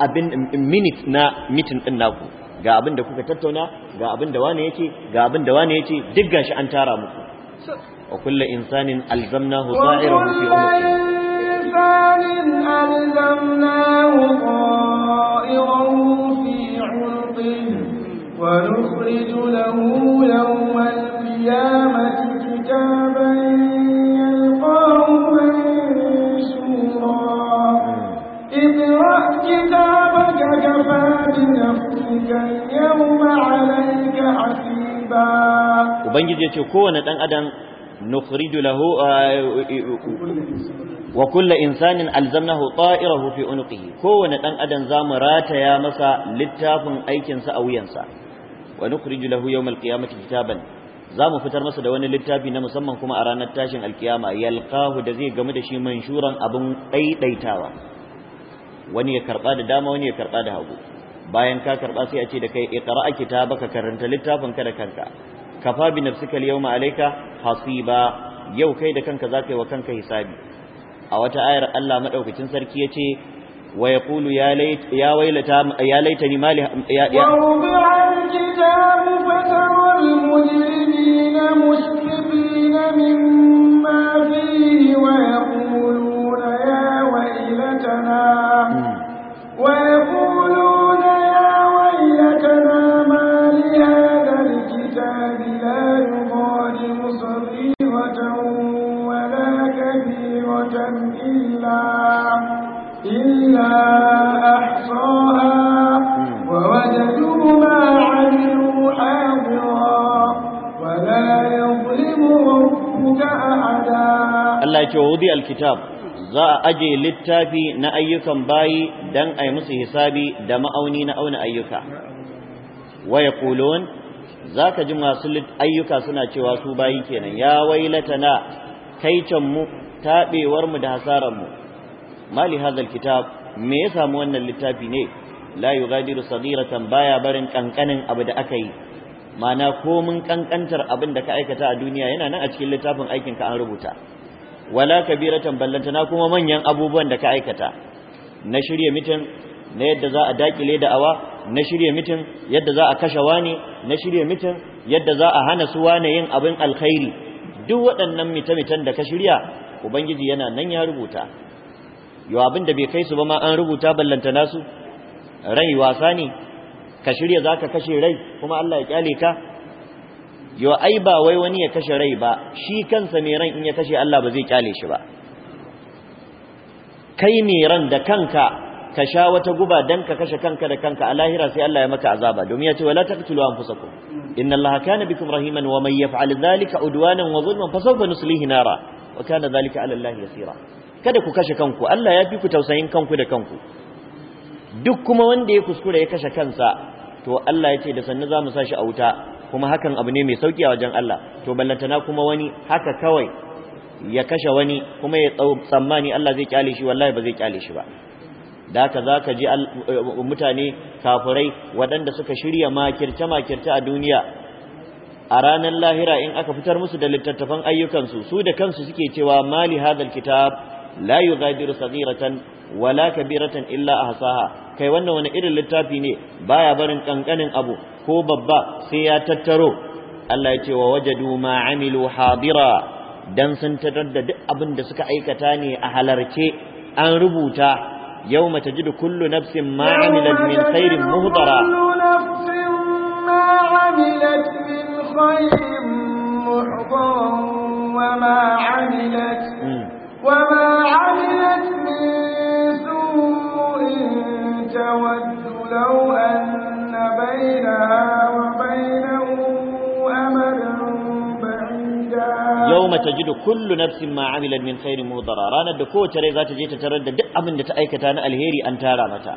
abin minute na mitin din naku ga abin da kuka tattauna ga abin da wane yake ga abin da wane yake duk gashi an tara muku wa kullu insanin alzamnahu ta'irahu fi umrihi إنسان ألزمناه طائره في عنقه ونخرج له يوم القيامة كتابا يلقاه منشورا اقرأ كتابك كفى بنفسك ubangiji ya ce kowane ɗan adam nufridu lahu wa kulla insanin alzamnahu ta'irahu fi unqihi kowane dan adam zamu rataya masa littafin aikinsa a wuyansa wa nukhriju lahu yawm alqiyamati kitaban zamu fitar masa da wani littafi na musamman kuma a ranar tashin alqiyama yalqahu da zai gamu da shi manshuran abun daidaitawa wani ya karba da dama wani ya karba da hagu bayan ka karba sai a ce da kai iqra kitabaka karanta littafin ka da kanka kafa bi nafsika al-yawma alayka hasiba yau kai da kanka zaka yi wa kanka hisabi a wata ayar Allah madaukakin sarki yace wa yaqulu ya layt ya waylata ya laitani mali ya ya kitabu إلا إلا أحصاها ووجدوا ما عملوا حاضرا ولا يظلم ربك أحدا الله يجودي الكتاب za a aje littafi na ayyukan bayi dan a yi musu hisabi da ma'auni na auna ayyuka waya kulon za ka ji masu ayyuka suna cewa su bayi kenan ya wailatana kaican mu tabewar mu da hasaran mu mali hadal kitab me ya samu wannan littafi ne la yughadiru saghiratan baya barin kankanin abu da aka yi mana komin kankantar abin da ka aikata a duniya yana nan a cikin littafin aikin ka an rubuta wala kabiratan ballantana kuma manyan abubuwan da ka aikata na shirya mitin na yadda za a dakile awa, na shirya mitin yadda za a kashe wani na shirya mitin yadda za a hana su wane yin abin alkhairi duk waɗannan mitan da ka shirya ubangiji yana nan ya rubuta yau abinda bai kai su ba ma an rubuta ballanta nasu rai wasa ne ka shirya za ka kashe rai kuma Allah ya kyale ka yau ai ba wai wani ya kashe rai ba shi kansa mai ran in ya kashe Allah ba zai kyale shi ba kai mai ran da kanka ka sha wata guba dan ka kashe kanka da kanka a lahira sai Allah ya maka azaba domin ya ce wala taqtulu anfusakum inna allaha kana bikum rahiman wa man yaf'al dhalika udwanan wa zulman fasawfa nuslihi nara wa kana zalika ala Allah yasira kada ku kashe kanku Allah ya fi ku tausayin kanku da kanku duk kuma wanda ya kuskura ya kashe kansa to Allah ya ce da sannu za mu sa shi a wuta kuma hakan abu ne mai sauki a wajen Allah to ballantana kuma wani haka kawai ya kashe wani kuma ya tsammani Allah zai kyale shi wallahi ba zai kyale shi ba da haka za ka ji mutane kafirai waɗanda suka shirya makirce makirce a duniya a ranar lahira in aka fitar musu da littattafan ayyukansu su da kansu suke cewa mali hadal kitab la yughadiru saghiratan wala kabiratan illa ahsaha kai wannan wani irin littafi ne baya barin kankanin abu ko babba sai ya tattaro Allah ya ce wa wajadu ma amilu hadira dan sun tarar da duk abin da suka aikata ne a halarce an rubuta yawma tajidu kullu nafsin ma amilat min khairin muhdara kullu nafsin ma amilat محضر وما عملت وما عملت من سوء تود لو أن بينها وبينه أمدا بعيدا يوم تجد كل نفس ما عملت من خير مضرا رانا ترى ذات جيت تردد دق من دتأيكتان الهيري أن تارا متى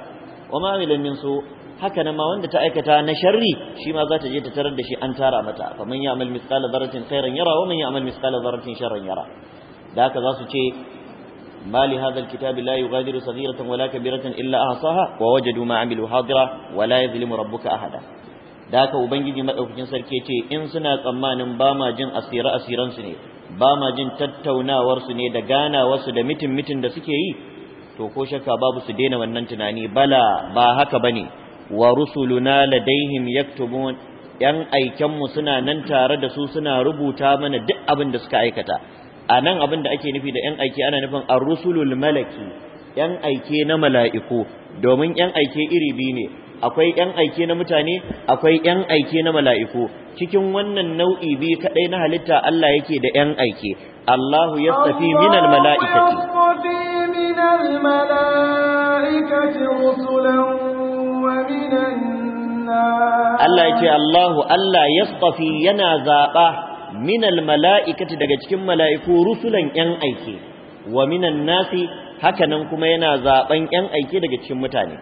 وما عمل من سوء haka nan ma wanda ta aikata na sharri shi ma za ta je ta tarar da shi an tara mata faman ya'mal mithqala dharratin khairan yara wa man ya'mal mithqala dharratin sharran yara da haka za su ce ما لهذا الكتاب لا يغادر صغيرة ولا كبيرة إلا أحصاها ووجدوا ما عملوا حاضرا ولا يظلم ربك da daka ubangiji madaukakin sarki ce in suna tsammanin ba ma jin asira asiran su ne ba ma jin tattaunawar su ne da ganawarsu da mitin mitin da suke yi to ko shakka babu su daina wannan tunani bala ba haka bane wa rusuluna ladaihim yaktubun yan mu suna nan tare da su suna rubuta mana duk abin da suka aikata anan nan abin da ake nufi da yan aike ana nufin ar-rusulul malaki yan aike na mala'iku domin yan aike iri biyu ne akwai yan aike na mutane akwai yan aike na mala'iku cikin wannan nau'i biyu kadai na halitta Allah yake da yan aike Allahu yastafi minal mala'ikati Allah yake Allahu Allah الله الله yana zaɓa minal mala'ikatu daga cikin ملائكو rusulan yan أيكي wa minan nasi, hakanan kuma yana zaɓan yan aike daga cikin mutane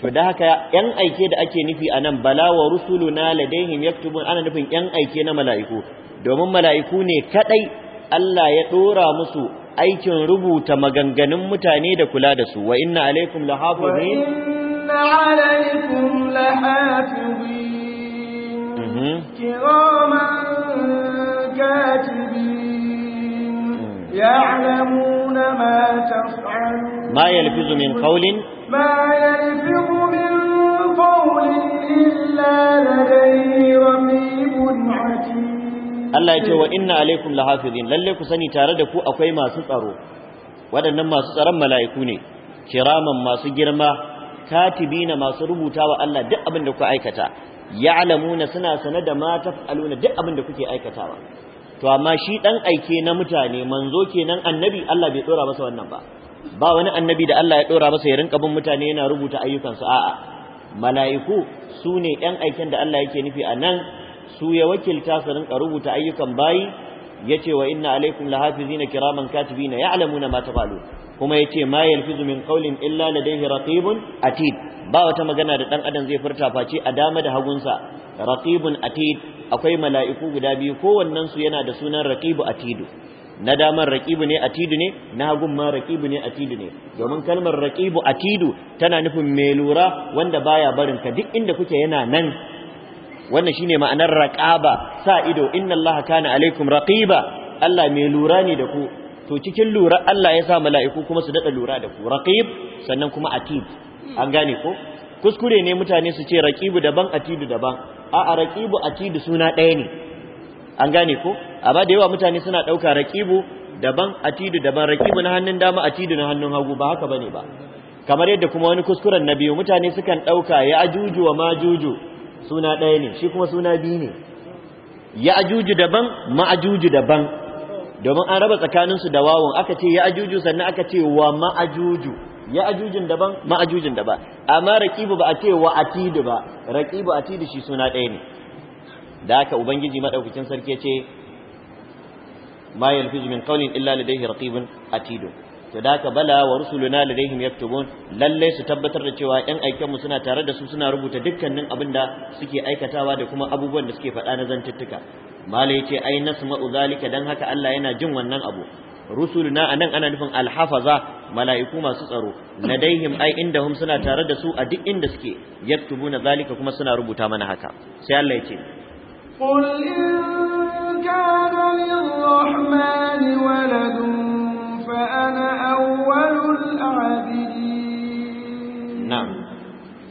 to da haka yan aike da ake nufi anan bala wa rusuluna ladaihim yaktubun ana nufin yan aike na mala'iku domin mala'iku ne kaɗai, Allah ya ɗora musu aikin rubuta maganganun mutane da kula da su wa inna alaikum lahafizin عليكم لحافظين كراما Allah ya ce wa inna alaikum lahafizin lalle ku sani tare da ku akwai masu tsaro waɗannan masu tsaron mala'iku ne kiraman masu girma katibina masu rubuta wa Allah duk abin da kuka aikata ya'lamuna suna sanar da ma taf'aluna duk abin da kuke aikatawa to amma shi dan aike na mutane manzo kenan annabi Allah bai dora masa wannan ba ba wani annabi da Allah ya dora masa ya rinka bin mutane yana rubuta ayyukansu a'a mala'iku su ne yan aiken da Allah yake nufi a nan su ya wakilta su rinka rubuta ayyukan bayi ya ce wa inna alaikum lahafizina kiraman katibina ya'lamuna ma tafalun kuma ya ce ma yalfizu min qawlin illa ladayhi raqibun atid ba wata magana da ɗan adam zai furta face a dama da hagunsa raqibun atid akwai mala'iku guda biyu kowannen su yana da sunan raqibu atidu na damar raqibu ne atidu ne na hagun ma raqibu ne atidu ne domin kalmar raqibu atidu tana nufin mai lura wanda baya barin ka duk inda kuke yana nan wannan shine ma'anar raqaba sa ido inna allaha kana alaikum raqiba Allah mai lura ne da ku to cikin lura Allah ya sa mala'iku kuma su dada lura da ku raqib sannan kuma atid an gane ko kuskure ne mutane su ce raqibu daban atidu daban a'a raqibu atidu suna ɗaya ne an gane ko amma da yawa mutane suna ɗauka raqibu daban atidu daban raqibu na hannun dama atidu na hannun hagu ba haka bane ba kamar yadda kuma wani kuskuren na biyu mutane sukan ɗauka ya ajuju wa majuju suna ɗaya ne shi kuma suna biyu ne ya ajuju daban ma ajuju daban domin an raba tsakaninsu da wawon aka ce ya ajuju sannan aka ce wa ma'ajuju ya ajujin daban ma'ajujin daban amma raqibu ba a ce wa atidu ba raqibu atidu shi suna ɗaya ne da haka ubangiji madaukakin sarki ce ma yalfizu min qawlin illa ladayhi raqibun atidu to da haka bala wa rusuluna ladayhim yaktubun lalle su tabbatar da cewa yan aikenmu suna tare da su suna rubuta dukkanin abin da suke aikatawa da kuma abubuwan da suke faɗa na zantuttuka mala yace ai nasma'u zalika dan haka Allah yana jin wannan abu rusuluna anan ana nufin alhafaza mala'iku masu tsaro daihim ai hum suna tare da su a duk inda suke yaktubuna zalika kuma suna rubuta mana haka sai Allah yace qul na'am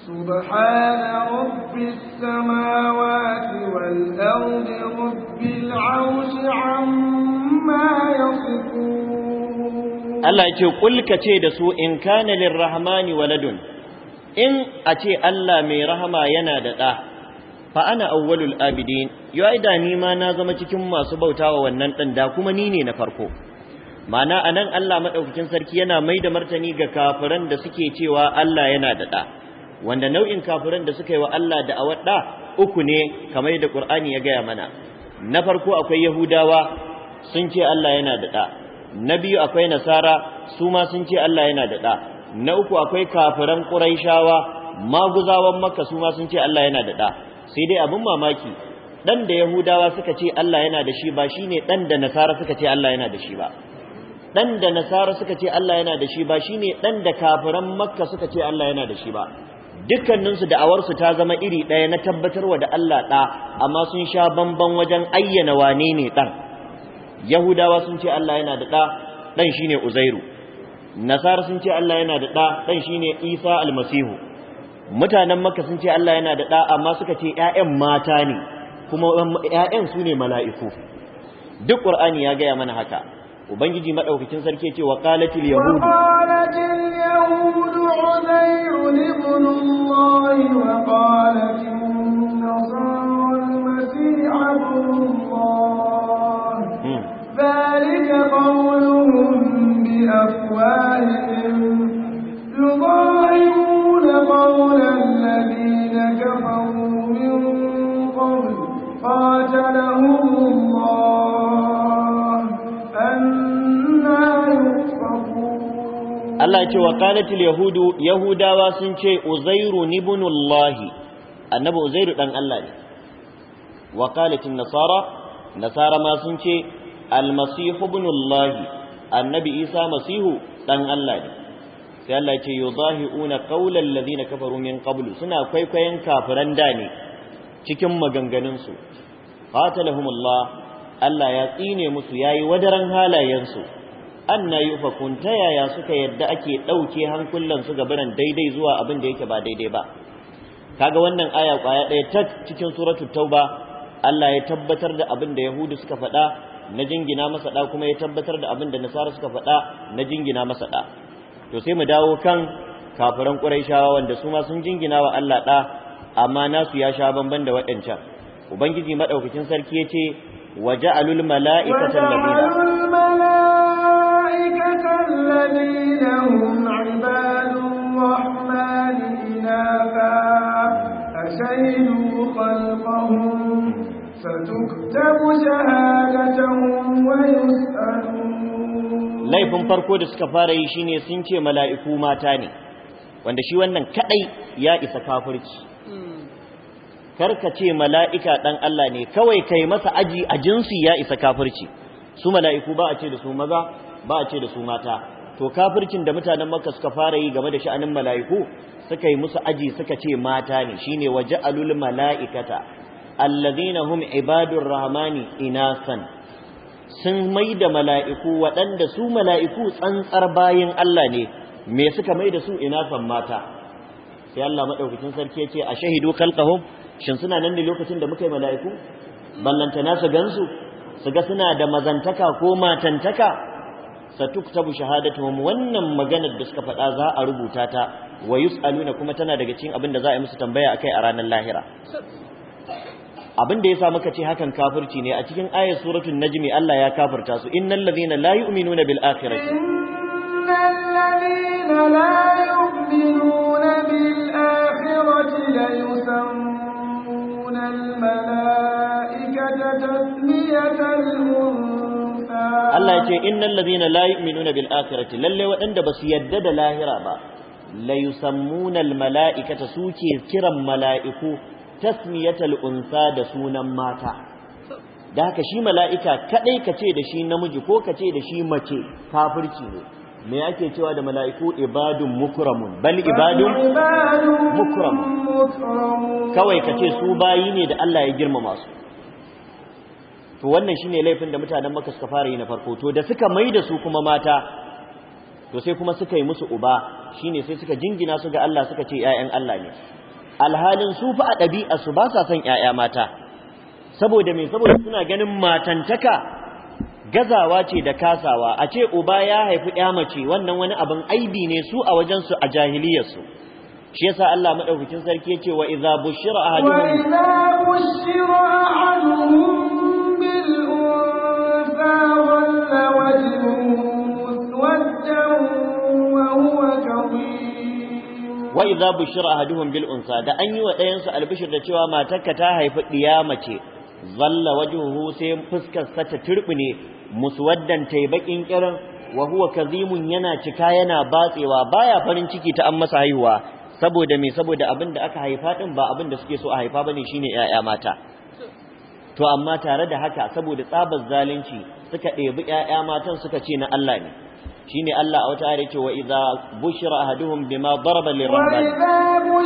سبحان رب السماوات والأرض رب العرش عما يصفون الله in قل كتي دسو إن كان للرحمن ولد إن أتي الله مي رحمة ينادى fa ana awwalul abidin yau da ni ma na zama cikin masu bautawa wannan dan da kuma ni ne na farko mana anan Allah madaukakin sarki yana mai da martani ga kafuran da suke cewa Allah yana da da wanda nau'in kafirin da suka yi wa Allah da awadda uku ne kamar yadda Qur'ani ya gaya mana na farko akwai Yahudawa sun ce Allah yana da da na biyu akwai Nasara su ma sun ce Allah yana da da na uku akwai kafiran Quraishawa maguzawan Makka su ma sun ce Allah yana da da sai dai abin mamaki dan da Yahudawa suka ce Allah yana da shi ba shine dan da Nasara suka ce Allah yana da shi ba dan da nasara suka ce Allah yana da shi ba shine dan da kafiran makka suka ce Allah yana da shi ba dukkaninsu da'awarsu ta zama iri ɗaya na tabbatarwa da Allah ɗa amma sun sha bamban wajen ayyana wane ne ɗan yahudawa sun ce Allah yana da ɗa ɗan shi ne uzairu nasara sun ce Allah yana da ɗa ɗan shi ne isa almasihu mutanen makka sun ce Allah yana da ɗa amma suka ce 'ya'yan mata ne kuma 'ya'yan su ne mala'iku duk ƙur'ani ya gaya mana haka ubangiji madaukakin sarki yake wa qalatil yahud qalatil yahud uzair ibn allah wa qalatil nasara al-masih Allah ya ce wa yahudu yahudawa sun ce uzairu ibnullahi annabi uzairu dan Allah ne wa nasara nasara ma sun ce almasihu ibnullahi annabi isa masihu dan Allah ne sai Allah ya ce yudahiuna qawlal ladina kafaru min qablu suna kwaikwayon kafiran da ne cikin maganganun su qatalahumullah Allah ya tsine musu yayi wadaran halayensu anna yufakun ta yaya suka yadda ake ɗauke hankulan su biran daidai zuwa abin da yake ba daidai ba kaga wannan aya kwaya ɗaya ta cikin suratu tauba Allah ya tabbatar da abin da yahudu suka faɗa na jingina masa ɗa kuma ya tabbatar da abin da nasara suka faɗa na jingina masa ɗa to sai mu dawo kan kafiran shawa wanda su ma sun jingina wa Allah ɗa amma nasu ya sha bamban da waɗancan ubangiji madaukakin sarki ya ce waje ja'alul mala'ikata labina laifin farko da suka fara yi shine sun ce mala'iku mata ne wanda shi wannan kadai ya isa kafirci karka ce mala'ika dan Allah ne kawai kai masa aji a jinsi ya isa kafirci su mala'iku ba a ce da su maza ba a ce da su mata to kafircin da mutanen makka suka fara yi game da sha'anin mala'iku suka yi musu aji suka ce mata ne shine waja'alul mala'ikata allazina hum ibadur rahmani inasan sun mai da mala'iku waɗanda su mala'iku tsantsar bayin Allah ne me suka mai da su inasan mata sai Allah madaukakin sarki ya ce a shahidu khalqahum shin suna nan ne lokacin da muka yi mala'iku ballantana su gansu su ga suna da mazantaka ko matantaka satuktabu shahadatuhum wannan maganar da suka faɗa za a rubuta ta wa yusaluna kuma tana daga cikin abin da za a yi musu tambaya akai a ranar lahira abin da yasa muka ce hakan kafirci ne a cikin ayat suratul najmi Allah ya kafirta su innal ladhina la yu'minuna bil akhirati innal ladhina la yu'minuna bil akhirati la yusammuna al malaikata tasmiyatan Allah ya ce innal ladina la yu'minuna bil akhirati lalle waɗanda ba su yadda da lahira ba la yusammuna al mala'ikata suke kiran mala'iku tasmiyatal unsa da sunan mata da haka shi mala'ika kadai kace da shi namiji ko kace da shi mace kafirci ne me ake cewa da mala'iku ibadun mukramun bal ibadun mukramun kawai kace su bayi ne da Allah ya girmama su to wannan shi ne laifin da mutanen maka suka fara yi na farko to da suka mai da su kuma mata to sai kuma suka yi musu uba shi ne sai suka jingina su ga Allah suka ce 'ya'yan Allah ne alhalin su fa a ɗabi'a su ba sa son 'ya'ya mata saboda mai saboda suna ganin matantaka gazawa ce da kasawa a ce uba ya haifi 'ya mace wannan wani abin aibi ne su a wajensu a jahiliyarsu shi yasa Allah madaukakin sarki ya wa idza bushira ahaduhum wa iza bushira ahaduhum wa idza bushira ahaduhum bil unsa da an yi wa ɗayansu albishir da cewa matarka ta haifi ɗiya mace zalla wajhuhu sai fuskar sa ta turbine muswaddan tai bakin kiran wa huwa kazimun yana cika yana batsewa baya farin ciki ta an masa haihuwa saboda me saboda abin da aka haifa ɗin ba abin da suke so a haifa bane shine 'ya'ya mata to amma tare da haka saboda tsabar zalunci suka ɗebi ƴaƴa matan suka ce na Allah ne shi ne Allah a wata ayar yake wa idza bushira ahaduhum bima daraba lirrahman wa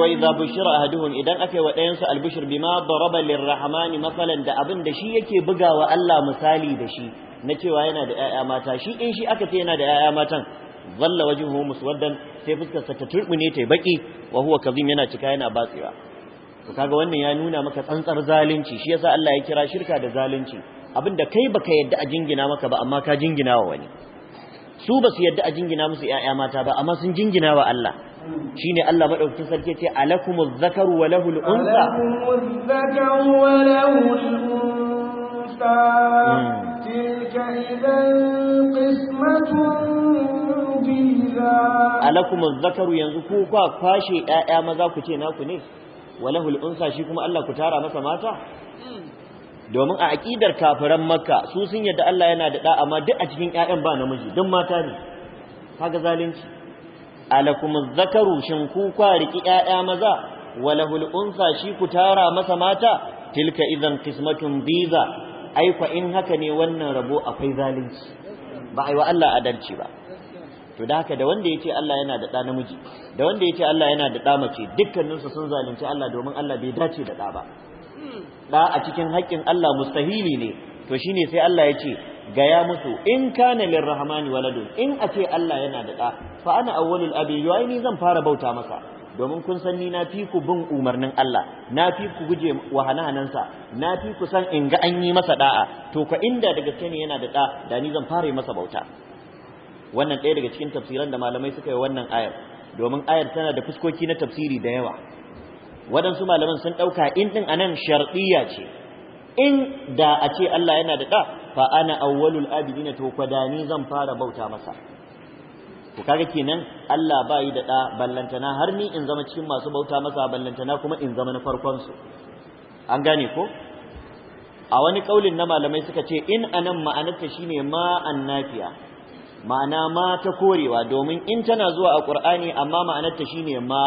wa idza bushira ahaduhum idan aka yi wa ɗayan su albushir bima daraba lirrahmani masalan da abin da shi yake bugawa Allah misali da shi na cewa yana da ƴaƴa mata shi in shi aka ce yana da ƴaƴa matan zalla wajhuhu muswaddan sai fuskar sa ta ne ta baki wa huwa kazim yana cika yana batsewa to kaga wannan ya nuna maka tsantsar zalunci shi yasa Allah ya kira shirka da zalunci abinda kai baka yadda a jingina maka ba amma ka jingina wa wani su ba su yadda a jingina musu ƴaƴa mata ba amma sun jingina wa Allah shine Allah madaukakin sarki ce alakumuz zakaru wa lahul unsa alakumuz zakaru wa lahul unsa hmm. tilka idan alakumuz zakaru yanzu ku kwa kwashe ƴaƴa maza ku ce naku ne wa lahul unsa shi kuma Allah ku tara masa mata domin a aƙidar kafiran makka su sun yadda Allah yana da da'a amma duk a cikin ƴaƴan ba namiji duk mata ne kaga zalunci alakum zakaru shin ku kwa riki ƴaƴa maza walahul unsa shi ku tara masa mata tilka idan qismatun biza ai fa in haka ne wannan rabo akwai zalunci ba ai wa Allah adalci ba to da haka da wanda yace Allah yana da ɗa namiji da wanda yace Allah yana da ɗa mace dukkaninsu sun zalunci Allah domin Allah bai dace da ɗa ba Da a cikin haƙƙin Allah mustahili ne to shi ne sai Allah ya ce gaya musu in lir rahmani waladun in a ce Allah yana da ɗa fa ana awwalul abi ai ni zan fara bauta masa domin kun san ni na fi ku bin umarnin Allah na fi ku guje wahanahanansa na fi ku san in ga an yi masa da'a to ka inda da gaske ne yana da ɗa da ni zan fara masa bauta wannan ɗaya daga cikin tafsiran da malamai suka yi wannan ayar domin ayar tana da fuskoki na tafsiri da yawa waɗansu malaman sun ɗauka in ɗin anan sharɗiyya ce in da a ce Allah yana da ɗa fa ana awwalul abidina to kwadani zan fara bauta masa to kaga kenan Allah ba yi da ɗa ballantana har ni in zama cikin masu bauta masa ballantana kuma in zama na farkon su an gane ko a wani kaulin na malamai suka ce in anan ma'anarta shine ma annafiya ma'ana ma ta korewa domin in tana zuwa a Qur'ani amma ma'anarta shine ma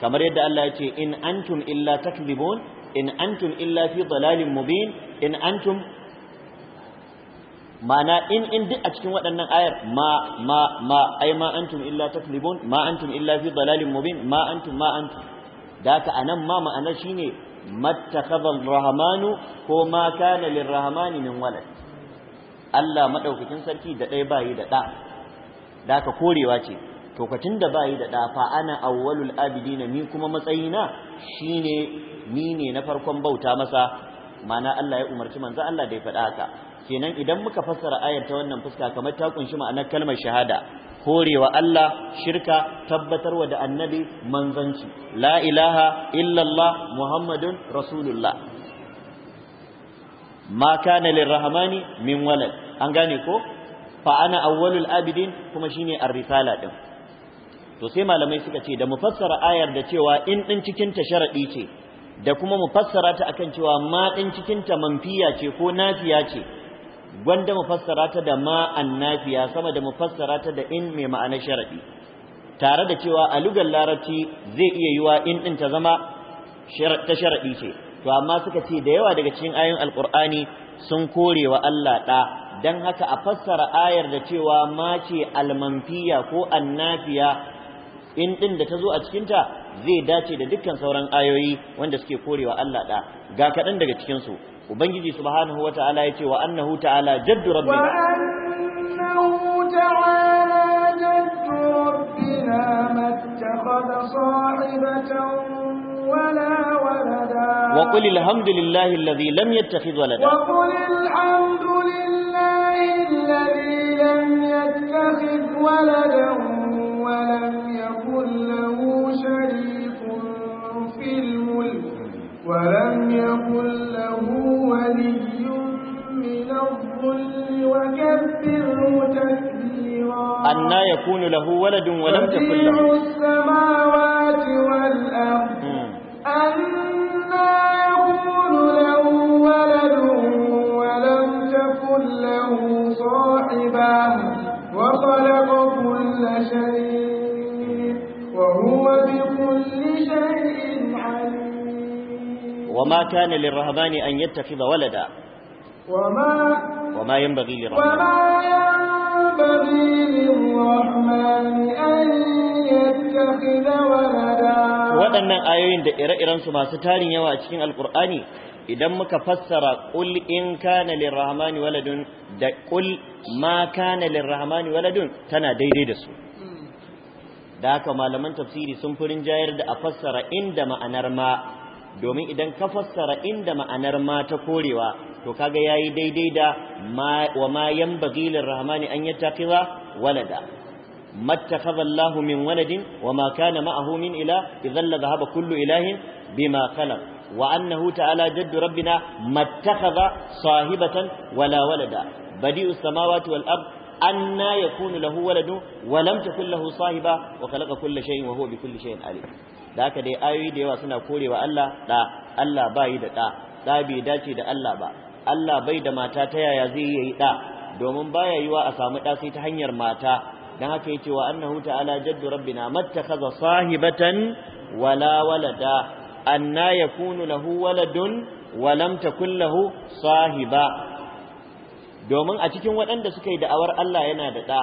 kamar yadda Allah ya ce in antum illa takdibun in antum illa fi dalalin mubin in antum Ma'ana in in duk a cikin waɗannan ayar ma ma ma ai ma antum illa taklibun ma antum illa fi dalalin mubin ma antum ma antum da ka anan ma ma'anar shine mattakhadha rahmanu ko ma kana lirrahmani min walad Allah madaukakin sarki da ɗaya bayi da ɗa da ka korewa ce Lokacin da bayi da ɗafa ana awwalul abidina ni kuma matsayina shine ni ne na farkon bauta masa mana Allah ya umarci manzo Allah da ya faɗa haka kenan idan muka fassara ayar ta wannan fuska kamar ta kunshi ma'anar kalmar shahada horewa Allah shirka tabbatarwa da annabi manzanci la ilaha illallah muhammadun rasulullah ma kana lirrahmani min walad an gane ko fa ana awwalul abidin kuma shine ar-risala din to sai malamai suka ce da mufassara ayar da cewa in din cikin ta sharadi ce da kuma mu fassara ta akan cewa ma din cikin ta manfiya ce ko nafiya ce gwanda mu ta da ma annafiya sama da mu ta da in mai ma'ana sharadi tare da cewa a lugar larabci zai iya yiwa in din ta zama ta sharadi ce to amma suka ce da yawa daga cikin ayoyin alqur'ani sun kore wa Allah ɗa dan haka a fassara ayar da cewa ma ce almanfiya ko annafiya in din da ta zo a cikinta zai dace da dukkan sauran ayoyi wanda suke korewa Allah da ga kaɗan daga cikinsu ubangiji subhanahu wa ta'ala ya ce wa annahu ta'ala jaddu rabbi!" wa annahu ta'ala jaddu rabbina mattakhadha sahibatan ولا ولدا وقل الحمد لله الذي لم يتخذ ولدا وقل alhamdulillahi لله الذي لم يتخذ ولدا ولم ولم يكن له ولي من الظل وكبره تكبيرا أنا يكون له ولد ولم تكن له السماوات والأرض أن يكون له ولد ولم تكن له صاحبا وخلق كل شيء وما كان للرهبان أن يتخذ ولدا وما وما ينبغي للرحمن وما ينبغي للرحمن أن يتخذ ولدا waɗannan ayoyin da ire-irensu masu tarin yawa a cikin alkur'ani idan muka fassara qul in kana lirrahmani waladun da qul ma kana lirrahmani waladun tana daidai da su da haka malaman tafsiri sun furin jayar da a fassara inda ma'anar ma domin idan ka fassara inda ma'anar ma ta korewa to kaga yayi daidai da wa ma yanbaghi lirrahmani an yattaqiza walada mattakhadha min waladin wa ma kana ma'ahu min ila idhan la dhahaba kullu ilahin bima khalaq wa annahu ta'ala jaddu rabbina mattakhadha sahibatan wala walada badi'us samawati wal ard anna yakunu lahu waladun wa lam takul lahu sahiba wa khalaqa kulla shay'in wa huwa bi kulli shay'in alim da haka dai ayoyi da yawa suna korewa Allah da Allah bai da da da bai dace da Allah ba Allah bai da mata ta yaya zai yi da domin baya wa a samu da sai ta hanyar mata dan haka yake wa annahu ta'ala jaddu rabbina mattakhadha sahibatan wala walada anna yakunu lahu waladun wa lam takul lahu sahiba domin a cikin waɗanda suka yi da'awar Allah yana da ɗa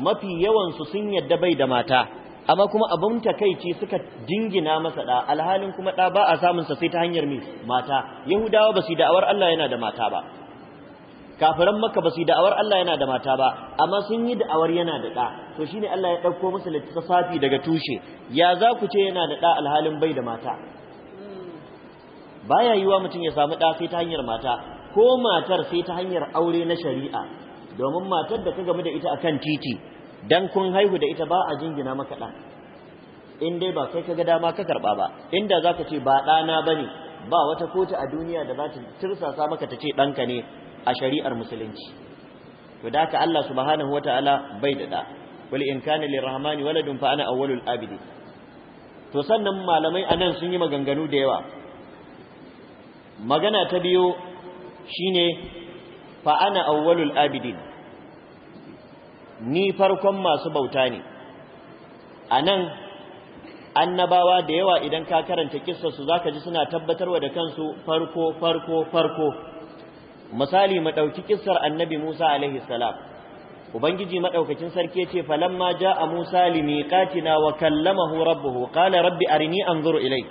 mafi yawan su sun yadda bai da mata amma kuma abin takaici suka dingina masa da alhalin kuma da ba a samun sa sai ta hanyar mi mata yahudawa ba su da'awar Allah yana da mata ba kafiran makka ba su da'awar Allah yana da mata ba amma sun yi da'awar yana da da to shine Allah ya dauko musu littafi daga tushe ya za ku ce yana da da alhalin bai da mata baya yiwa mutum ya samu da sai ta hanyar mata ko matar sai ta hanyar aure na shari'a domin matar da ka gamu da ita akan titi dan kun haihu da ita ba a jingina maka ɗa in dai ba kai ka ga dama ka karɓa ba inda zaka ce ba ɗana bane ba wata kotu a duniya da za ta tirsasa maka ta ce ɗanka ne a shari'ar musulunci to da haka Allah subhanahu Wataala bai da wal in kana lirahmani waladun fa ana awwalul abidi to sannan malamai anan sun yi maganganu da yawa magana ta biyo shine fa ana awwalul abidin ni farkon masu bauta ne a nan annabawa da yawa idan ka karanta kissarsu za ka ji suna tabbatarwa da kansu farko farko farko misali mu ɗauki kissar annabi musa alaihi salam ubangiji maɗaukacin sarki ce falamma a musa limiqatina wa kallamahu rabbuhu qala rabbi arini anzuru ilayk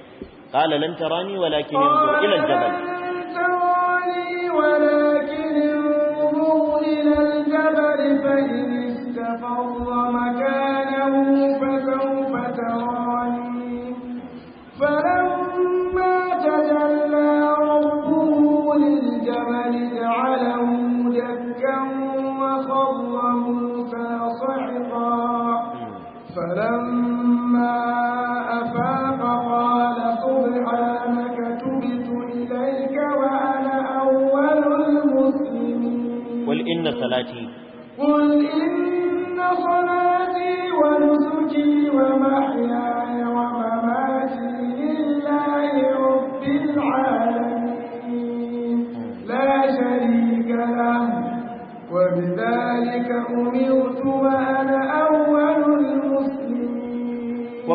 qala lan tarani walakin anzur ila al-jabal ولكن انظر إلى الجبل 保护我们。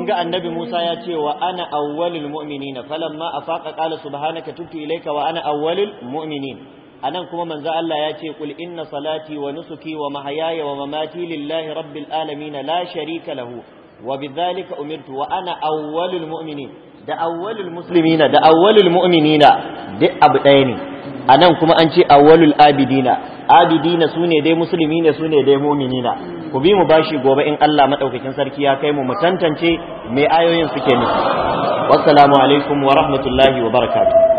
ga annabi Musa ya ce wa ana awwalul mu'minin falamma afaqa qala subhanaka tubtu ilayka wa ana awwalul mu'minin anan kuma manzo Allah ya ce kul inna salati wa nusuki wa mahayaya wa mamati lillahi rabbil alamin la sharika lahu wa bidhalika umirtu wa ana awwalul mu'minin da awwalul muslimina da awwalul mu'minina duk abu ɗaya ne anan kuma an ce awwalul abidina abidina sune dai musulmi ne sune dai mu'minina ku bi mu bashi gobe in Allah madaukakin sarki ya kai mu mu tantance me ayoyin suke nufi wassalamu alaikum wa rahmatullahi wa barakatuh